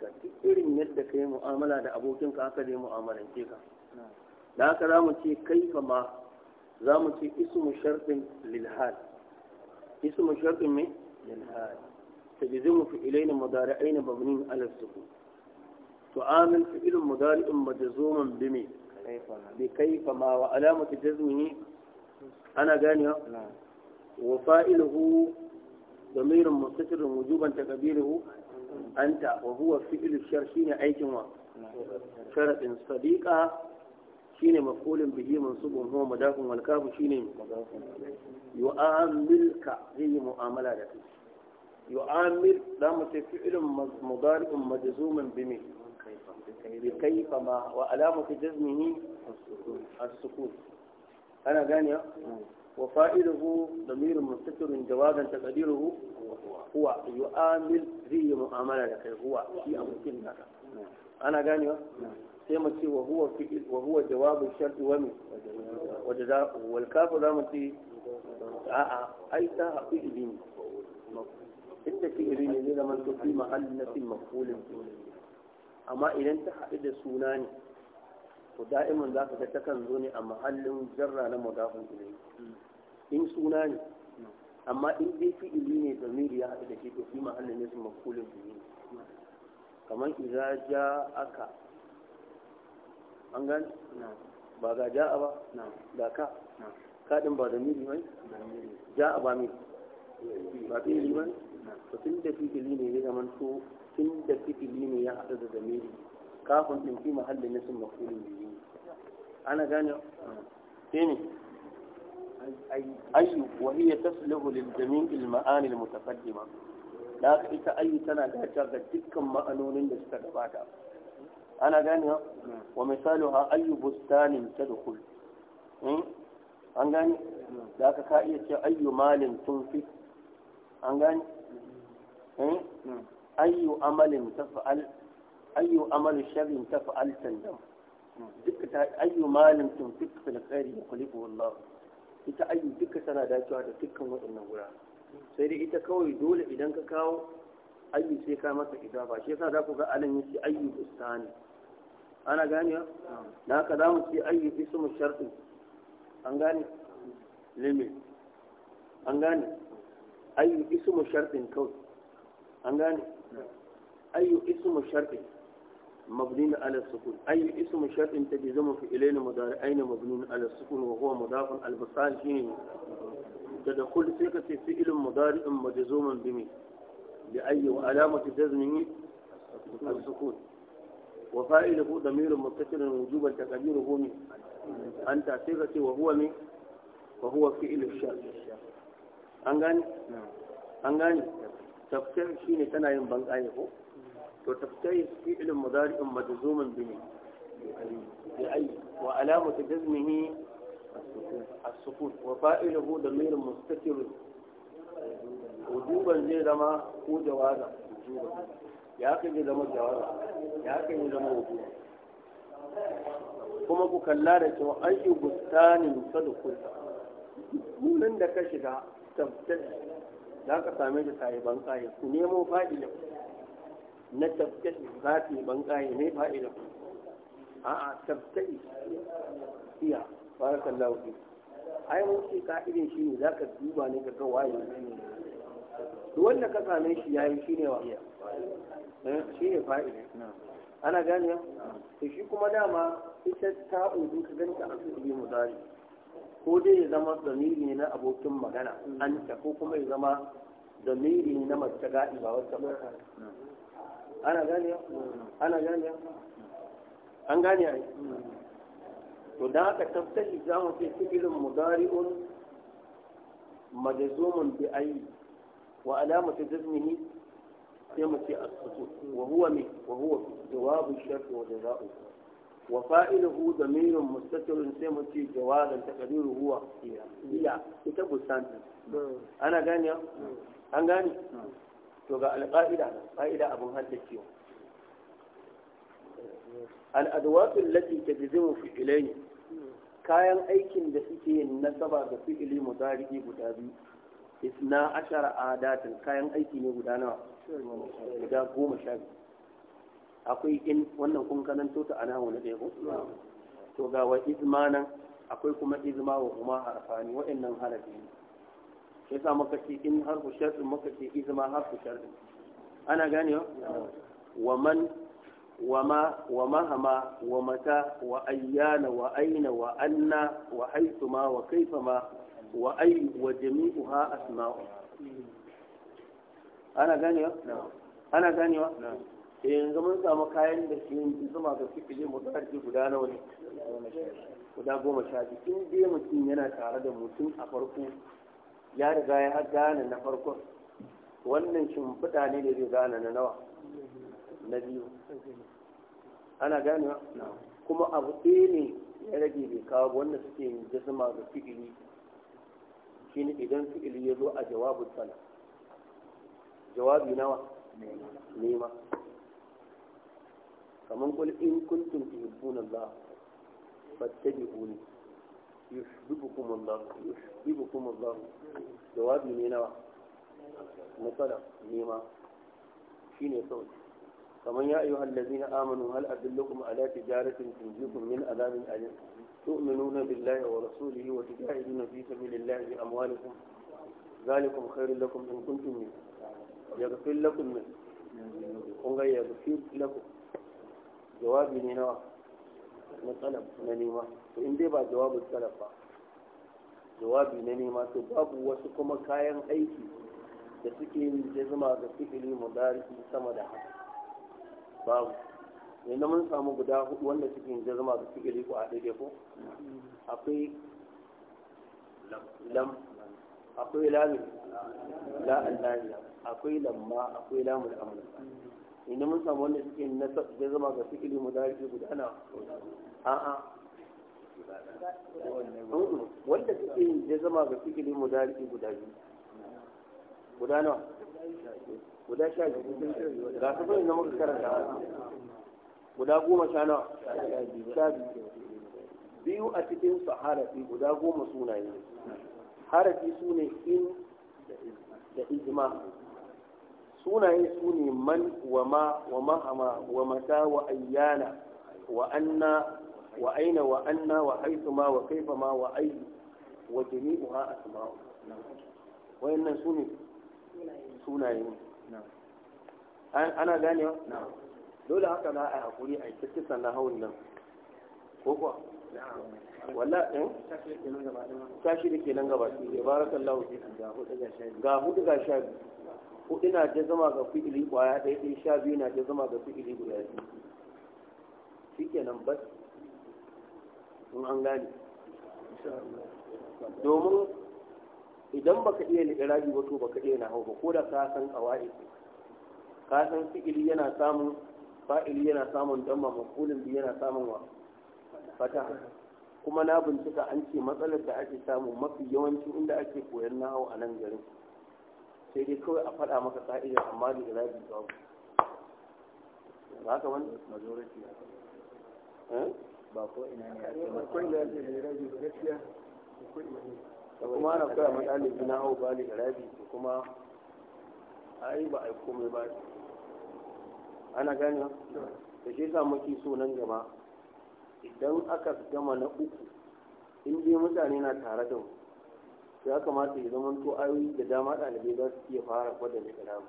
ka irin yadda kai mu'amala da abokinka haka zai mu'amalance ka da haka za mu ce kaifa ma za mu ce ismu lil lilhal ismu shartin mai lilhal ta jizi mu fi ilaini mudari'aini babnin alassuku to amin fi ilin majazoman bime بكيف ما وعلامة جزمه أنا jazmihi ana ganewa ضمير مستتر وجوبا تكبيره أنت وهو فعل الشرشين أي أيكم شرط صديقة شين مفعول به منصوب هو مداف والكاف شين يعاملك هي معاملة لك يعامل لام فعل مضارع مجزوم بمثل kaifama wa alamu fi jazmihi as ana gani ya wa fa'iluhu damir mustatir jawadan taqdiruhu huwa yu'amil fi mu'amala da kai huwa fi da ana gani ya sai mu ce wa wa huwa jawabu shart wa min wa jaza wal kafu da mu ce a a aita haqi ibin inda fi ne da man to fi mahallin nasin maqulin amma idan ta haɗu da suna ne to da'iman za ka ga kan zo ne a mahallin jarra na magafin ilimi in suna ne amma in dai fi'ili ne da miri ya haɗu da shi to fi mahallin ne su makulin biyu kamar iza ja aka an gani ba ga ja'a ba ga ka kaɗin ba da miri ba ja a ba mai ba fi'ili ba ne to tun da fi'ili ne ya zama to tun da fi'ili ne ya haɗu da zamiri kafin ɗin fi mahallin na sun makulin yi. ana gane sai ne ayu wa hiya taslihu lil jami'il ma'ani al mutaqaddima da haka ita ayu tana dace ga dukkan ma'anonin da suka gabata ana gane wa misaluha ayu bustanin tadkhul hmm? an gane da haka ka iya ce ayyu malin tunfi an gane Eh? Hmm. ayyu amalin tafa'al ayyu amalu sharrin tafa'al tandam hmm. duka ta ayyu malin tunfik fil khairi yukhlifu Allah ita ayyu duka tana dacewa da dukkan waɗannan wurare hmm. sai dai ita kawai dole idan ka kawo ayyu sai ka masa idafa shi yasa za ku ga alan yace ayyu bustani ana ganewa na haka za mu ce ayyu ismu shartin an gane limit an gane ayyu ismu shartin kawai an gane ayyukan iso masharfin ta jizumin fi’ilai na madari aina maɓnini na ala sukul wahauwa mazaun albasan shi ne ni. Kada kuɗi sai ka ce fi’ilin magari ɗin baje zomon bi mai. Bi ayyuka alama cikakken yin ala sukul. Waƙa ila ku damirin matattara na wani jubar ta kajirin komai. Hanta sai ka ce wahauwa ne ku An gane. tafsir ne tana yin banƙaye ko to tafsir fi'il mudari'un majzumun bi bi ay wa alamatu jazmihi as-sukun wa fa'iluhu damirun mustatir wujuban zai zama ko jawaza ya kan yi zama jawaza ya kan yi zama wujuba kuma ku kalla da cewa ayyu bustanin sadukun nunan da ka shiga tabbatar za ka same da ta yi bankaye ku nemo fa'ila na tabbati za ta yi bankaye ne fa'ila a'a tabbati iya barakallahu fi ai mun ce ka'idin shi ne za ka duba ne ka ga waye wanda ka same shi ya yi shi ne wa eh, shi ne fa'ila ana gane to shi kuma dama ita ta ka ganta a cikin mu mudari ko dai ya zama zamiri na abokin magana an ta ko kuma ya zama zamiri na mace gaɗi ba wata ba ana gane ana gane an gane ai to da haka tafsiri za mu ce fi'ilun mudari'un majzumun bi ayi wa alamatu jazmihi sai mu ce as-sukut wa huwa min wa huwa jawabu shart wa jazaa'u وفائله ضمير مستتر سيمتي جوادا تقديره هو هي ita bustan ana gani an gani to ga alqaida qaida abun haddacewa الأدوات التي تجزم فعلين kayan aikin da suke nasaba ga fi'ili mudari'i guda biyu isna ashara adatin kayan aiki ne guda nawa guda goma sha biyu akwai in wannan kun kanan to ta ana wani ɗaya ko to ga wa izma nan akwai kuma izma wa kuma harfani wa'annan harafi ne sai sa muka ce in har ku shar din muka ce izma har ku shar ana gane wa wa man wa ma wa mahama wa mata wa ayyana wa aina wa anna wa haitsu ma wa kaifa ma wa ayi wa jami'u ha asma'u ana gane wa ana gane wa Eh, yanzu mun samu kayan da ke yanzu zuma ga suke je mutarki guda nawa ne guda goma sha biyu in mutum yana tare da mutum a farko ya riga ya gane na farko wannan shimfiɗa ne da zai gane na nawa na biyu ana ganewa kuma abu ɗaya ne ya rage bai kawo wanda suke yin jisma ga fi'ili ne idan fi'ili ya zo a jawabin sana jawabi nawa nema كمان قول إن كنتم تحبون الله فاتبعوني يحببكم الله يحببكم الله جواب من هنا مثلا ميما شين يصول فمن يا أيها الذين آمنوا هل أدلكم على تجارة تنجيكم من أذاب أليم تؤمنون بالله ورسوله وتجاهدون في سبيل الله بأموالكم ذلكم خير لكم إن كنتم يغفر لكم من يغفر لكم jawabi ne nawa na salaf na nema to in dai ba jawabin salaf ba jawabi na nema to babu wasu kuma kayan aiki da suke yin jazma ga fi'ili mudariki sama da haka babu yanzu mun samu guda hudu wanda suke yin jazma da fi'ili ko a daidai ko akwai lam akwai lamin la akwai lamma akwai lamul amr inda mun samu wanda suke na zai zama ga fi'ili ke gudana a'a wanda suke yin zai zama ga sikili mu guda ke guda nawa guda sha biyu ga su bai na muka karanta guda goma sha nawa sha biyu biyu a cikin su harafi guda goma sunaye harafi su ne in da ijma sunaye su ne man wa ma wa mahama wa mata wa ayyana wa anna wa aina wa anna wa haitu ma wa kaifa ma wa ayi wa jami'uha asma'u wayannan su ne sunaye ne ana ganewa dole haka za a hakuri a yi kisan na hawan nan ko kuwa walla ɗin eh? tashi da ke nan gaba su ne barakallahu ga hudu ga sha biyu hudu na zama ga fi'ili kwaya ɗaya ɗin sha biyu na zama ga fi'ili guda biyu shikenan bas in an gane domin idan baka iya liƙirabi ba to baka iya nahau ba ko da ka san kawai ka san fi'ili yana samun fa'ili yana samun damma maqulun biyu yana samun wa fata kuma na bincika an ce matsalar da ake samu mafi yawanci inda ake koyar nahau a nan garin sai dai kawai a faɗa maka ka'ida amma da irabi ba, ba ka wani majority eh? ba ko ina ne ko ina ne da irabi gaskiya da kuma ana kawai matsalin gina hau ba da irabi da kuma ai ba a yi komai ba ana gani da shi sa muke so nan gaba idan aka gama na uku in dai mutane na tare da mu ya kamata ya zama to ayoyi da dama ɗalibai za su iya fara gwada mai kalamu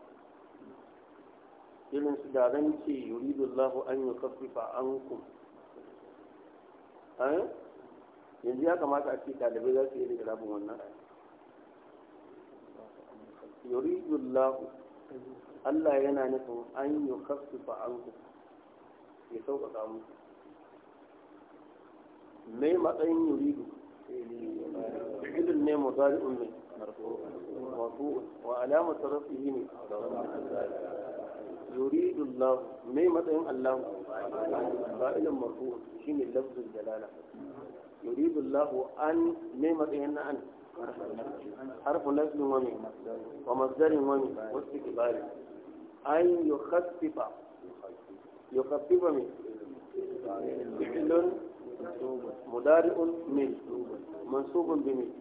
irin su da ce yuridullahu an yi kafifa an ku eh? yanzu ya kamata a ce ɗalibai za su iya rika labin wannan yuridullahu Allah yana nufin an yi kafifa an ku ya sauƙaƙa muku mai matsayin yuridu مضارع منه مرفوع وعلامة رفعه منه يريد الله ما مدعين الله فائل مرفوع شين لفظ الجلالة يريد الله أن ما مدعين أن حرف نزل ومي ومصدر ومن واستكبار أن يخفف يخفف من فعل مضارئ من منصوب بمن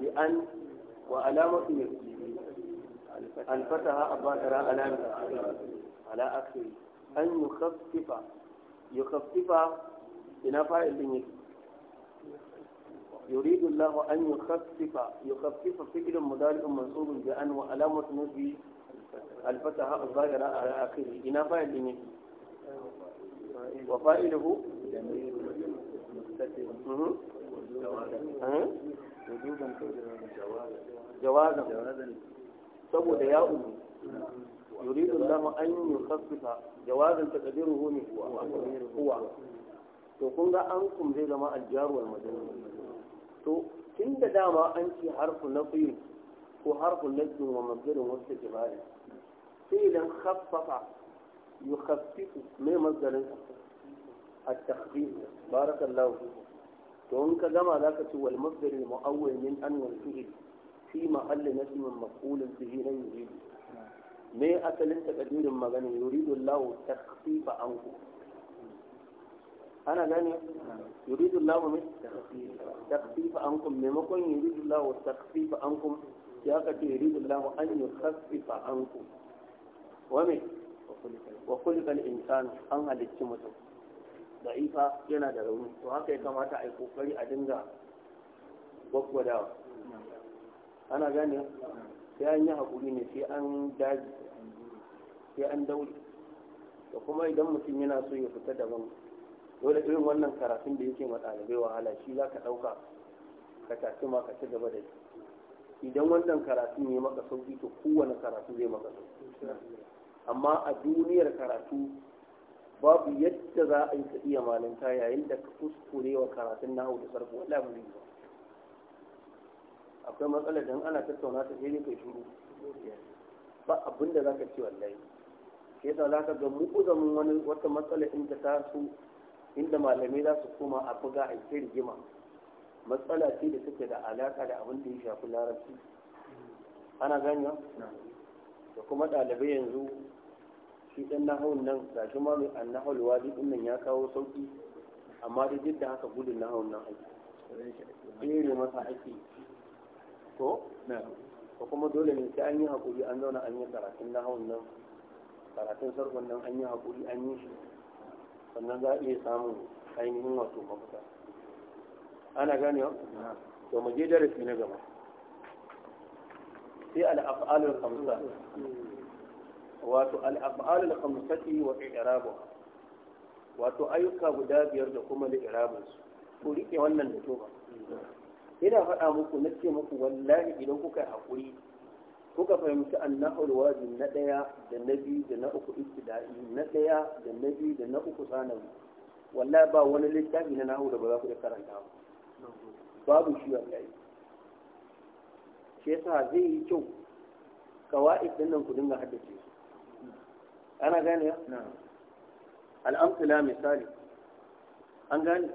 بأن وعلامة الفتحة الظاهرة علامة على آخره أن يخفف يخفف هنا بن يريد الله أن يخفف يخفف فعل مضارع منصوب بأن وعلامة نفي الفتحة الظاهرة على آخره هنا فاعل جميل مستتر جوازا سبب يا أمي يريد الله أن يخفف جوازا تقدره هو هو تقول أنكم زي ما الجار والمدني تقول إن دام أنت حرف نقيم وحرف نجد ومصدر مستجبال فإذا خفف يخفف ما مصدر التخفيف بارك الله فيكم to in ka gama za ka ci wal masdar al mu'awwal min an wal fi'l fi mahalli nasb maf'ul bihi lan yuridu me asalin takadirin magana yuridu Allah an ku? ana gane yuridu Allah min an ankum maimakon yuridu Allah an ankum ya ka ce yuridu Allah an yukhaffifa ankum wa me wa kulli al insanu an halicci mutum da yana da rauni to haka ya kamata a yi kokari a dinga gwaggwadawa ana gane sai an yi haƙuri ne sai an daji sai an daure da kuma idan mutum yana so ya fita daban dole irin wannan karatun da yake ɗalibai wahala shi za ka ɗauka ka tafi ma ka ci gaba da idan wannan karatu ne maka sauki to kowane karatu zai maka sauki amma a duniyar karatu babu yadda za a yi ka iya malinta yayin da ka kuskure wa karatun nahu da sarfu Wala ba zai ba akwai matsalar da ana tattauna ta sai kai shiru ba abin da za ka ce wallahi sai da za ka ga mu'uzamin wani wata matsala inda ta su inda malamai za su koma a buga a yi rigima matsala ce da suke da alaka da abin da ya shafi larabci ana ganewa da kuma ɗalibai yanzu shi ɗan nahawun nan ga shi ma mai annahawul wajib din nan ya kawo sauki amma dai duk da haka gudun nahawun nan ake tsere masa ake to ko kuma dole ne sai an yi hakuri an zauna an yi karatun nahawun nan karatun sarkon nan an yi hakuri an yi shi sannan za a iya samun ainihin wato mafita ana gane to mu je darasi na gaba sai al-af'alul khamsa wato al'af'al al-khamsati wa i'rabu wato ayyuka guda biyar da kuma da su ku rike wannan da toba ina faɗa muku na ce muku wallahi idan kuka haƙuri kuka fahimci annahul wazi na ɗaya da na biyu da na uku ibtida'i na ɗaya da na biyu da na uku sanawi wallahi ba wani littafi na nahu da ba za ku iya karanta ba babu shi wallahi shi yasa zai yi kyau kawai din nan ku dinga haddace su ana gane ya al'amtula misali an gane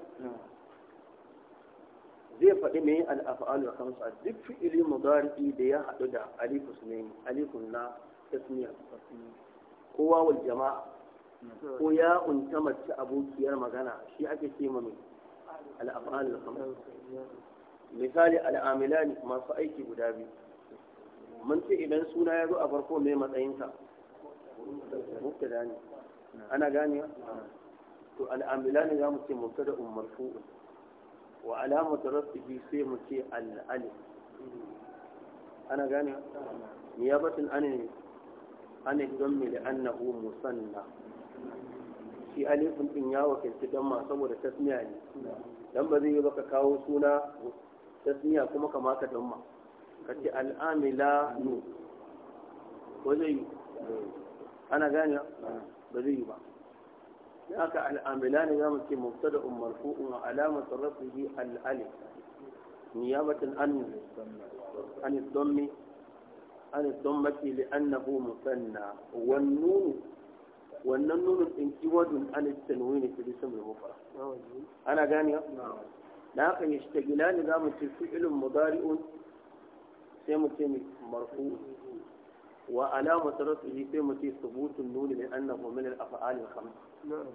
zai faɗi mai al'afa'alu kamsa duk fi'ili mudari'i da ya haɗu da alifus ne alifun na jama'a ko ya unta mace abokiyar magana shi ake ce mai al'afa'alu kamsa misali masu aiki guda biyu mun ce idan suna ya zo a farko mai matsayinsa mubtada ne ana gane to ne za mu ce mubtada um marfu'un wa alama alamatu rabbihi sai mu ce al'alif ana gane niyabatin an an dhammi li annahu musanna shi alifin din ya wakilci dan ma saboda tasmiya ne dan ba zai yi baka kawo suna tasmiya kuma kama ka dan Ka ce al'amila nu ko zai أنا جاني بريبا هناك العاملان يوم كي مبتدا مرفوع وعلامة رفعه الألف نيابة عن عن الضم عن الضمة لأنه مثنى والنون والنون انتواد عن التنوين في الاسم المفرد أنا جاني هناك يشتغلان يوم كي فعل مضارئ سيمتني مرفوع وعلامة alamatu في sai ثبوت النون subutun nuni ne annahu min نعم نعم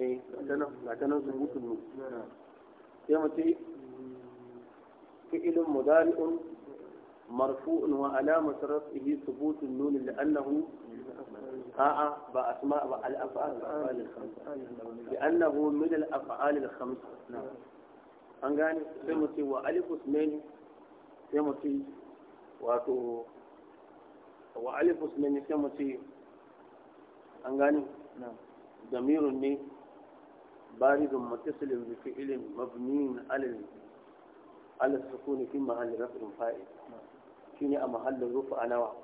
al-khams eh ga ta nan subutun nuni sai مرفوع وعلامة رفعه ثبوت النون لأنه ها بأسماء الأفعال الأفعال الخمسة لأنه من الأفعال الخمسة نعم أنغاني سمتي وألف اثنين سمتي واتو wa alif usman sai mu ce an gane damirun ne barizun mutasilin bi fi'ilin mabniin alal alal sukuni fi mahalli rafin fa'il shine a mahallin rufu a nawa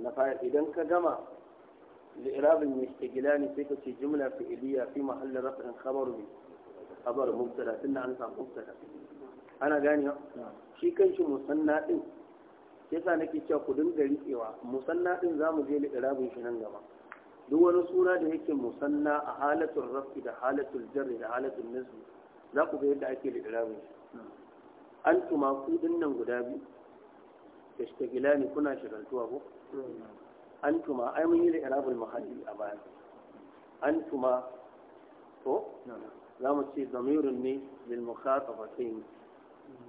na fa'il idan ka gama li'irabin ne sai ka ce jumla fi'iliya fi mahallin rafin khabaru ne khabar mubtada tunda an samu mubtada ana gane shi kan shi musanna din yasa nake cewa ku dinga riƙewa musanna din za mu je liƙirabin shi nan gaba duk wani suna da yake musanna a halatul rafi da halatul jarri da halatul nasbi za ku ga yadda ake liƙirabin shi an tuma ku dinnan guda biyu da shigila ne kuna shigaltuwa ko an tuma ai mun yi liƙirabul mahalli a baya an tuma ko za mu ce zamirin ne lil mukhatabatain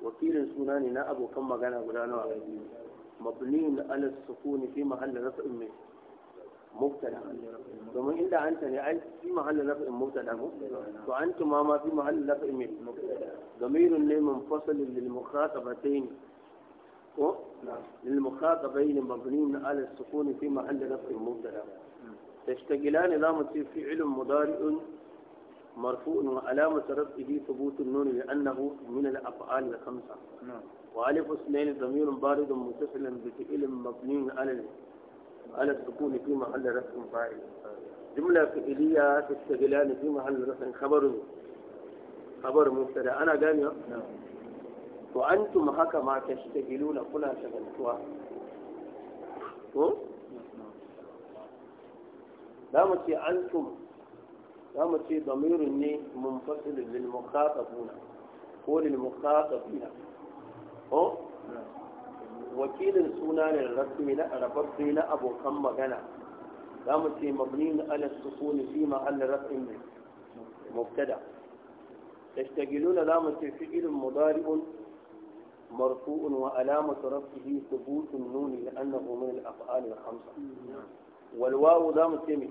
wakilin suna ne na abokan magana guda nawa biyu مبنين على السكون في محل رفع منه مبتدا ثم عند انت يعني في محل رفع مبتدا وانت ما ما في محل رفع منه ضمير منفصل للمخاطبتين و نعم. للمخاطبين مبنين على السكون في محل رفع مبتدا تشتغلان لام تصير في علم مضارع مرفوع وعلامة رفعه ثبوت النون لأنه من الأفعال الخمسة نعم وألف اثنين ضمير بارد متصل بفعل مبني على على السكون في محل رفع فاعل جملة فعلية تشتغلان في محل رفع خبر خبر مبتدا أنا قال نعم وأنتم هكا ما تشتغلون كنا شغلتوا لا متي أنتم دامتي متي ضمير منفصل للمخاطبون هو للمخاطبين ko wakilin suna ne rasmi na rababbe na abokan magana za mu ce mabni na ala sukuni fi ma'al rafin ne mubtada tashtagiluna za mu ce fi'ilun mudari'un مرفوع وعلامة رفعه ثبوت النون لأنه من الأفعال الخمسة والواو دام التمي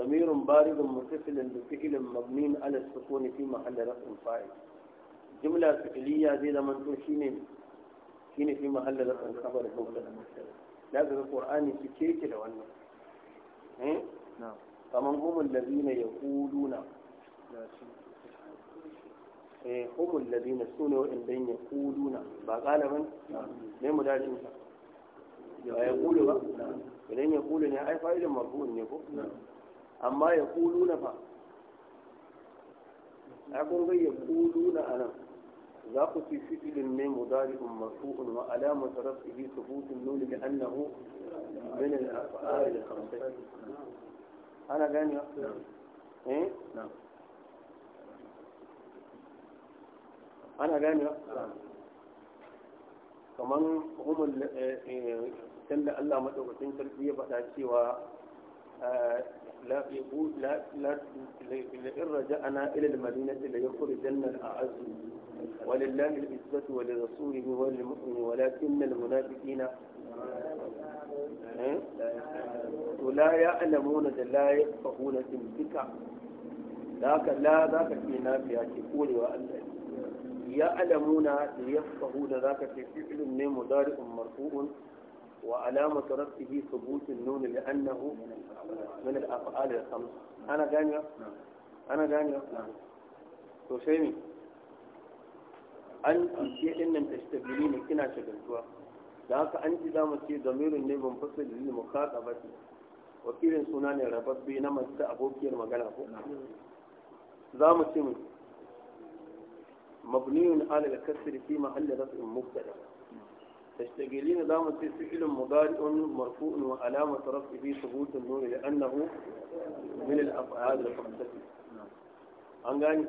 ضمير بارد متصل بفعل مبني على السكون في محل رفع فاعل jimla fi'liya zai zama to shine shine fi mahalla da kan kabar hukumar da ga qur'ani su keke da wannan eh kaman humul ladina yaquluna eh humul ladina sune wa'inda yaquluna ba galiban ne mu dalilin sa ba yaqulu ba idan yaqulu ne ai fa'ilin mafhum ne ko amma yaquluna fa ai kun ga yaquluna anan ذاق في سجل من مضارع مرفوع وعلامة رفعه ثبوت النون لأنه من الأفعال الخمسة أنا جاني نعم. إيه؟ نعم أنا جاني نعم. كمان هم اللي إيه، إيه، كان الله مدعوكين تربية بعد و آه، لا يقول لا لا الرجاء رجعنا إلى المدينة ليخرجن الأعز ولله العزة ولرسوله وللمؤمن ولكن المنافقين ولا إيه؟ يعلمون لا يفقهون في تمسكا ذاك لا ذاك في نافيا تقول وأن يعلمون يفقهون ذاك في فعل مضارع مرفوع وعلامة ربه ثبوت النون لأنه من الأفعال الخمس أنا جانيا أنا جانيا to sai me an ce din nan tastabili ne kina shagaltuwa da haka an ji za mu ci zamirin ne ban fasa da lil muqaqabati wakilin suna ne rababbe na mace abokiyar magana ko za mu ce mu mabniyun ala al تشتغلين دام فعل مضارع مرفوع وعلامة رفعه في ثبوت النور لأنه من الأفعال الخمسة. نعم. أنغاني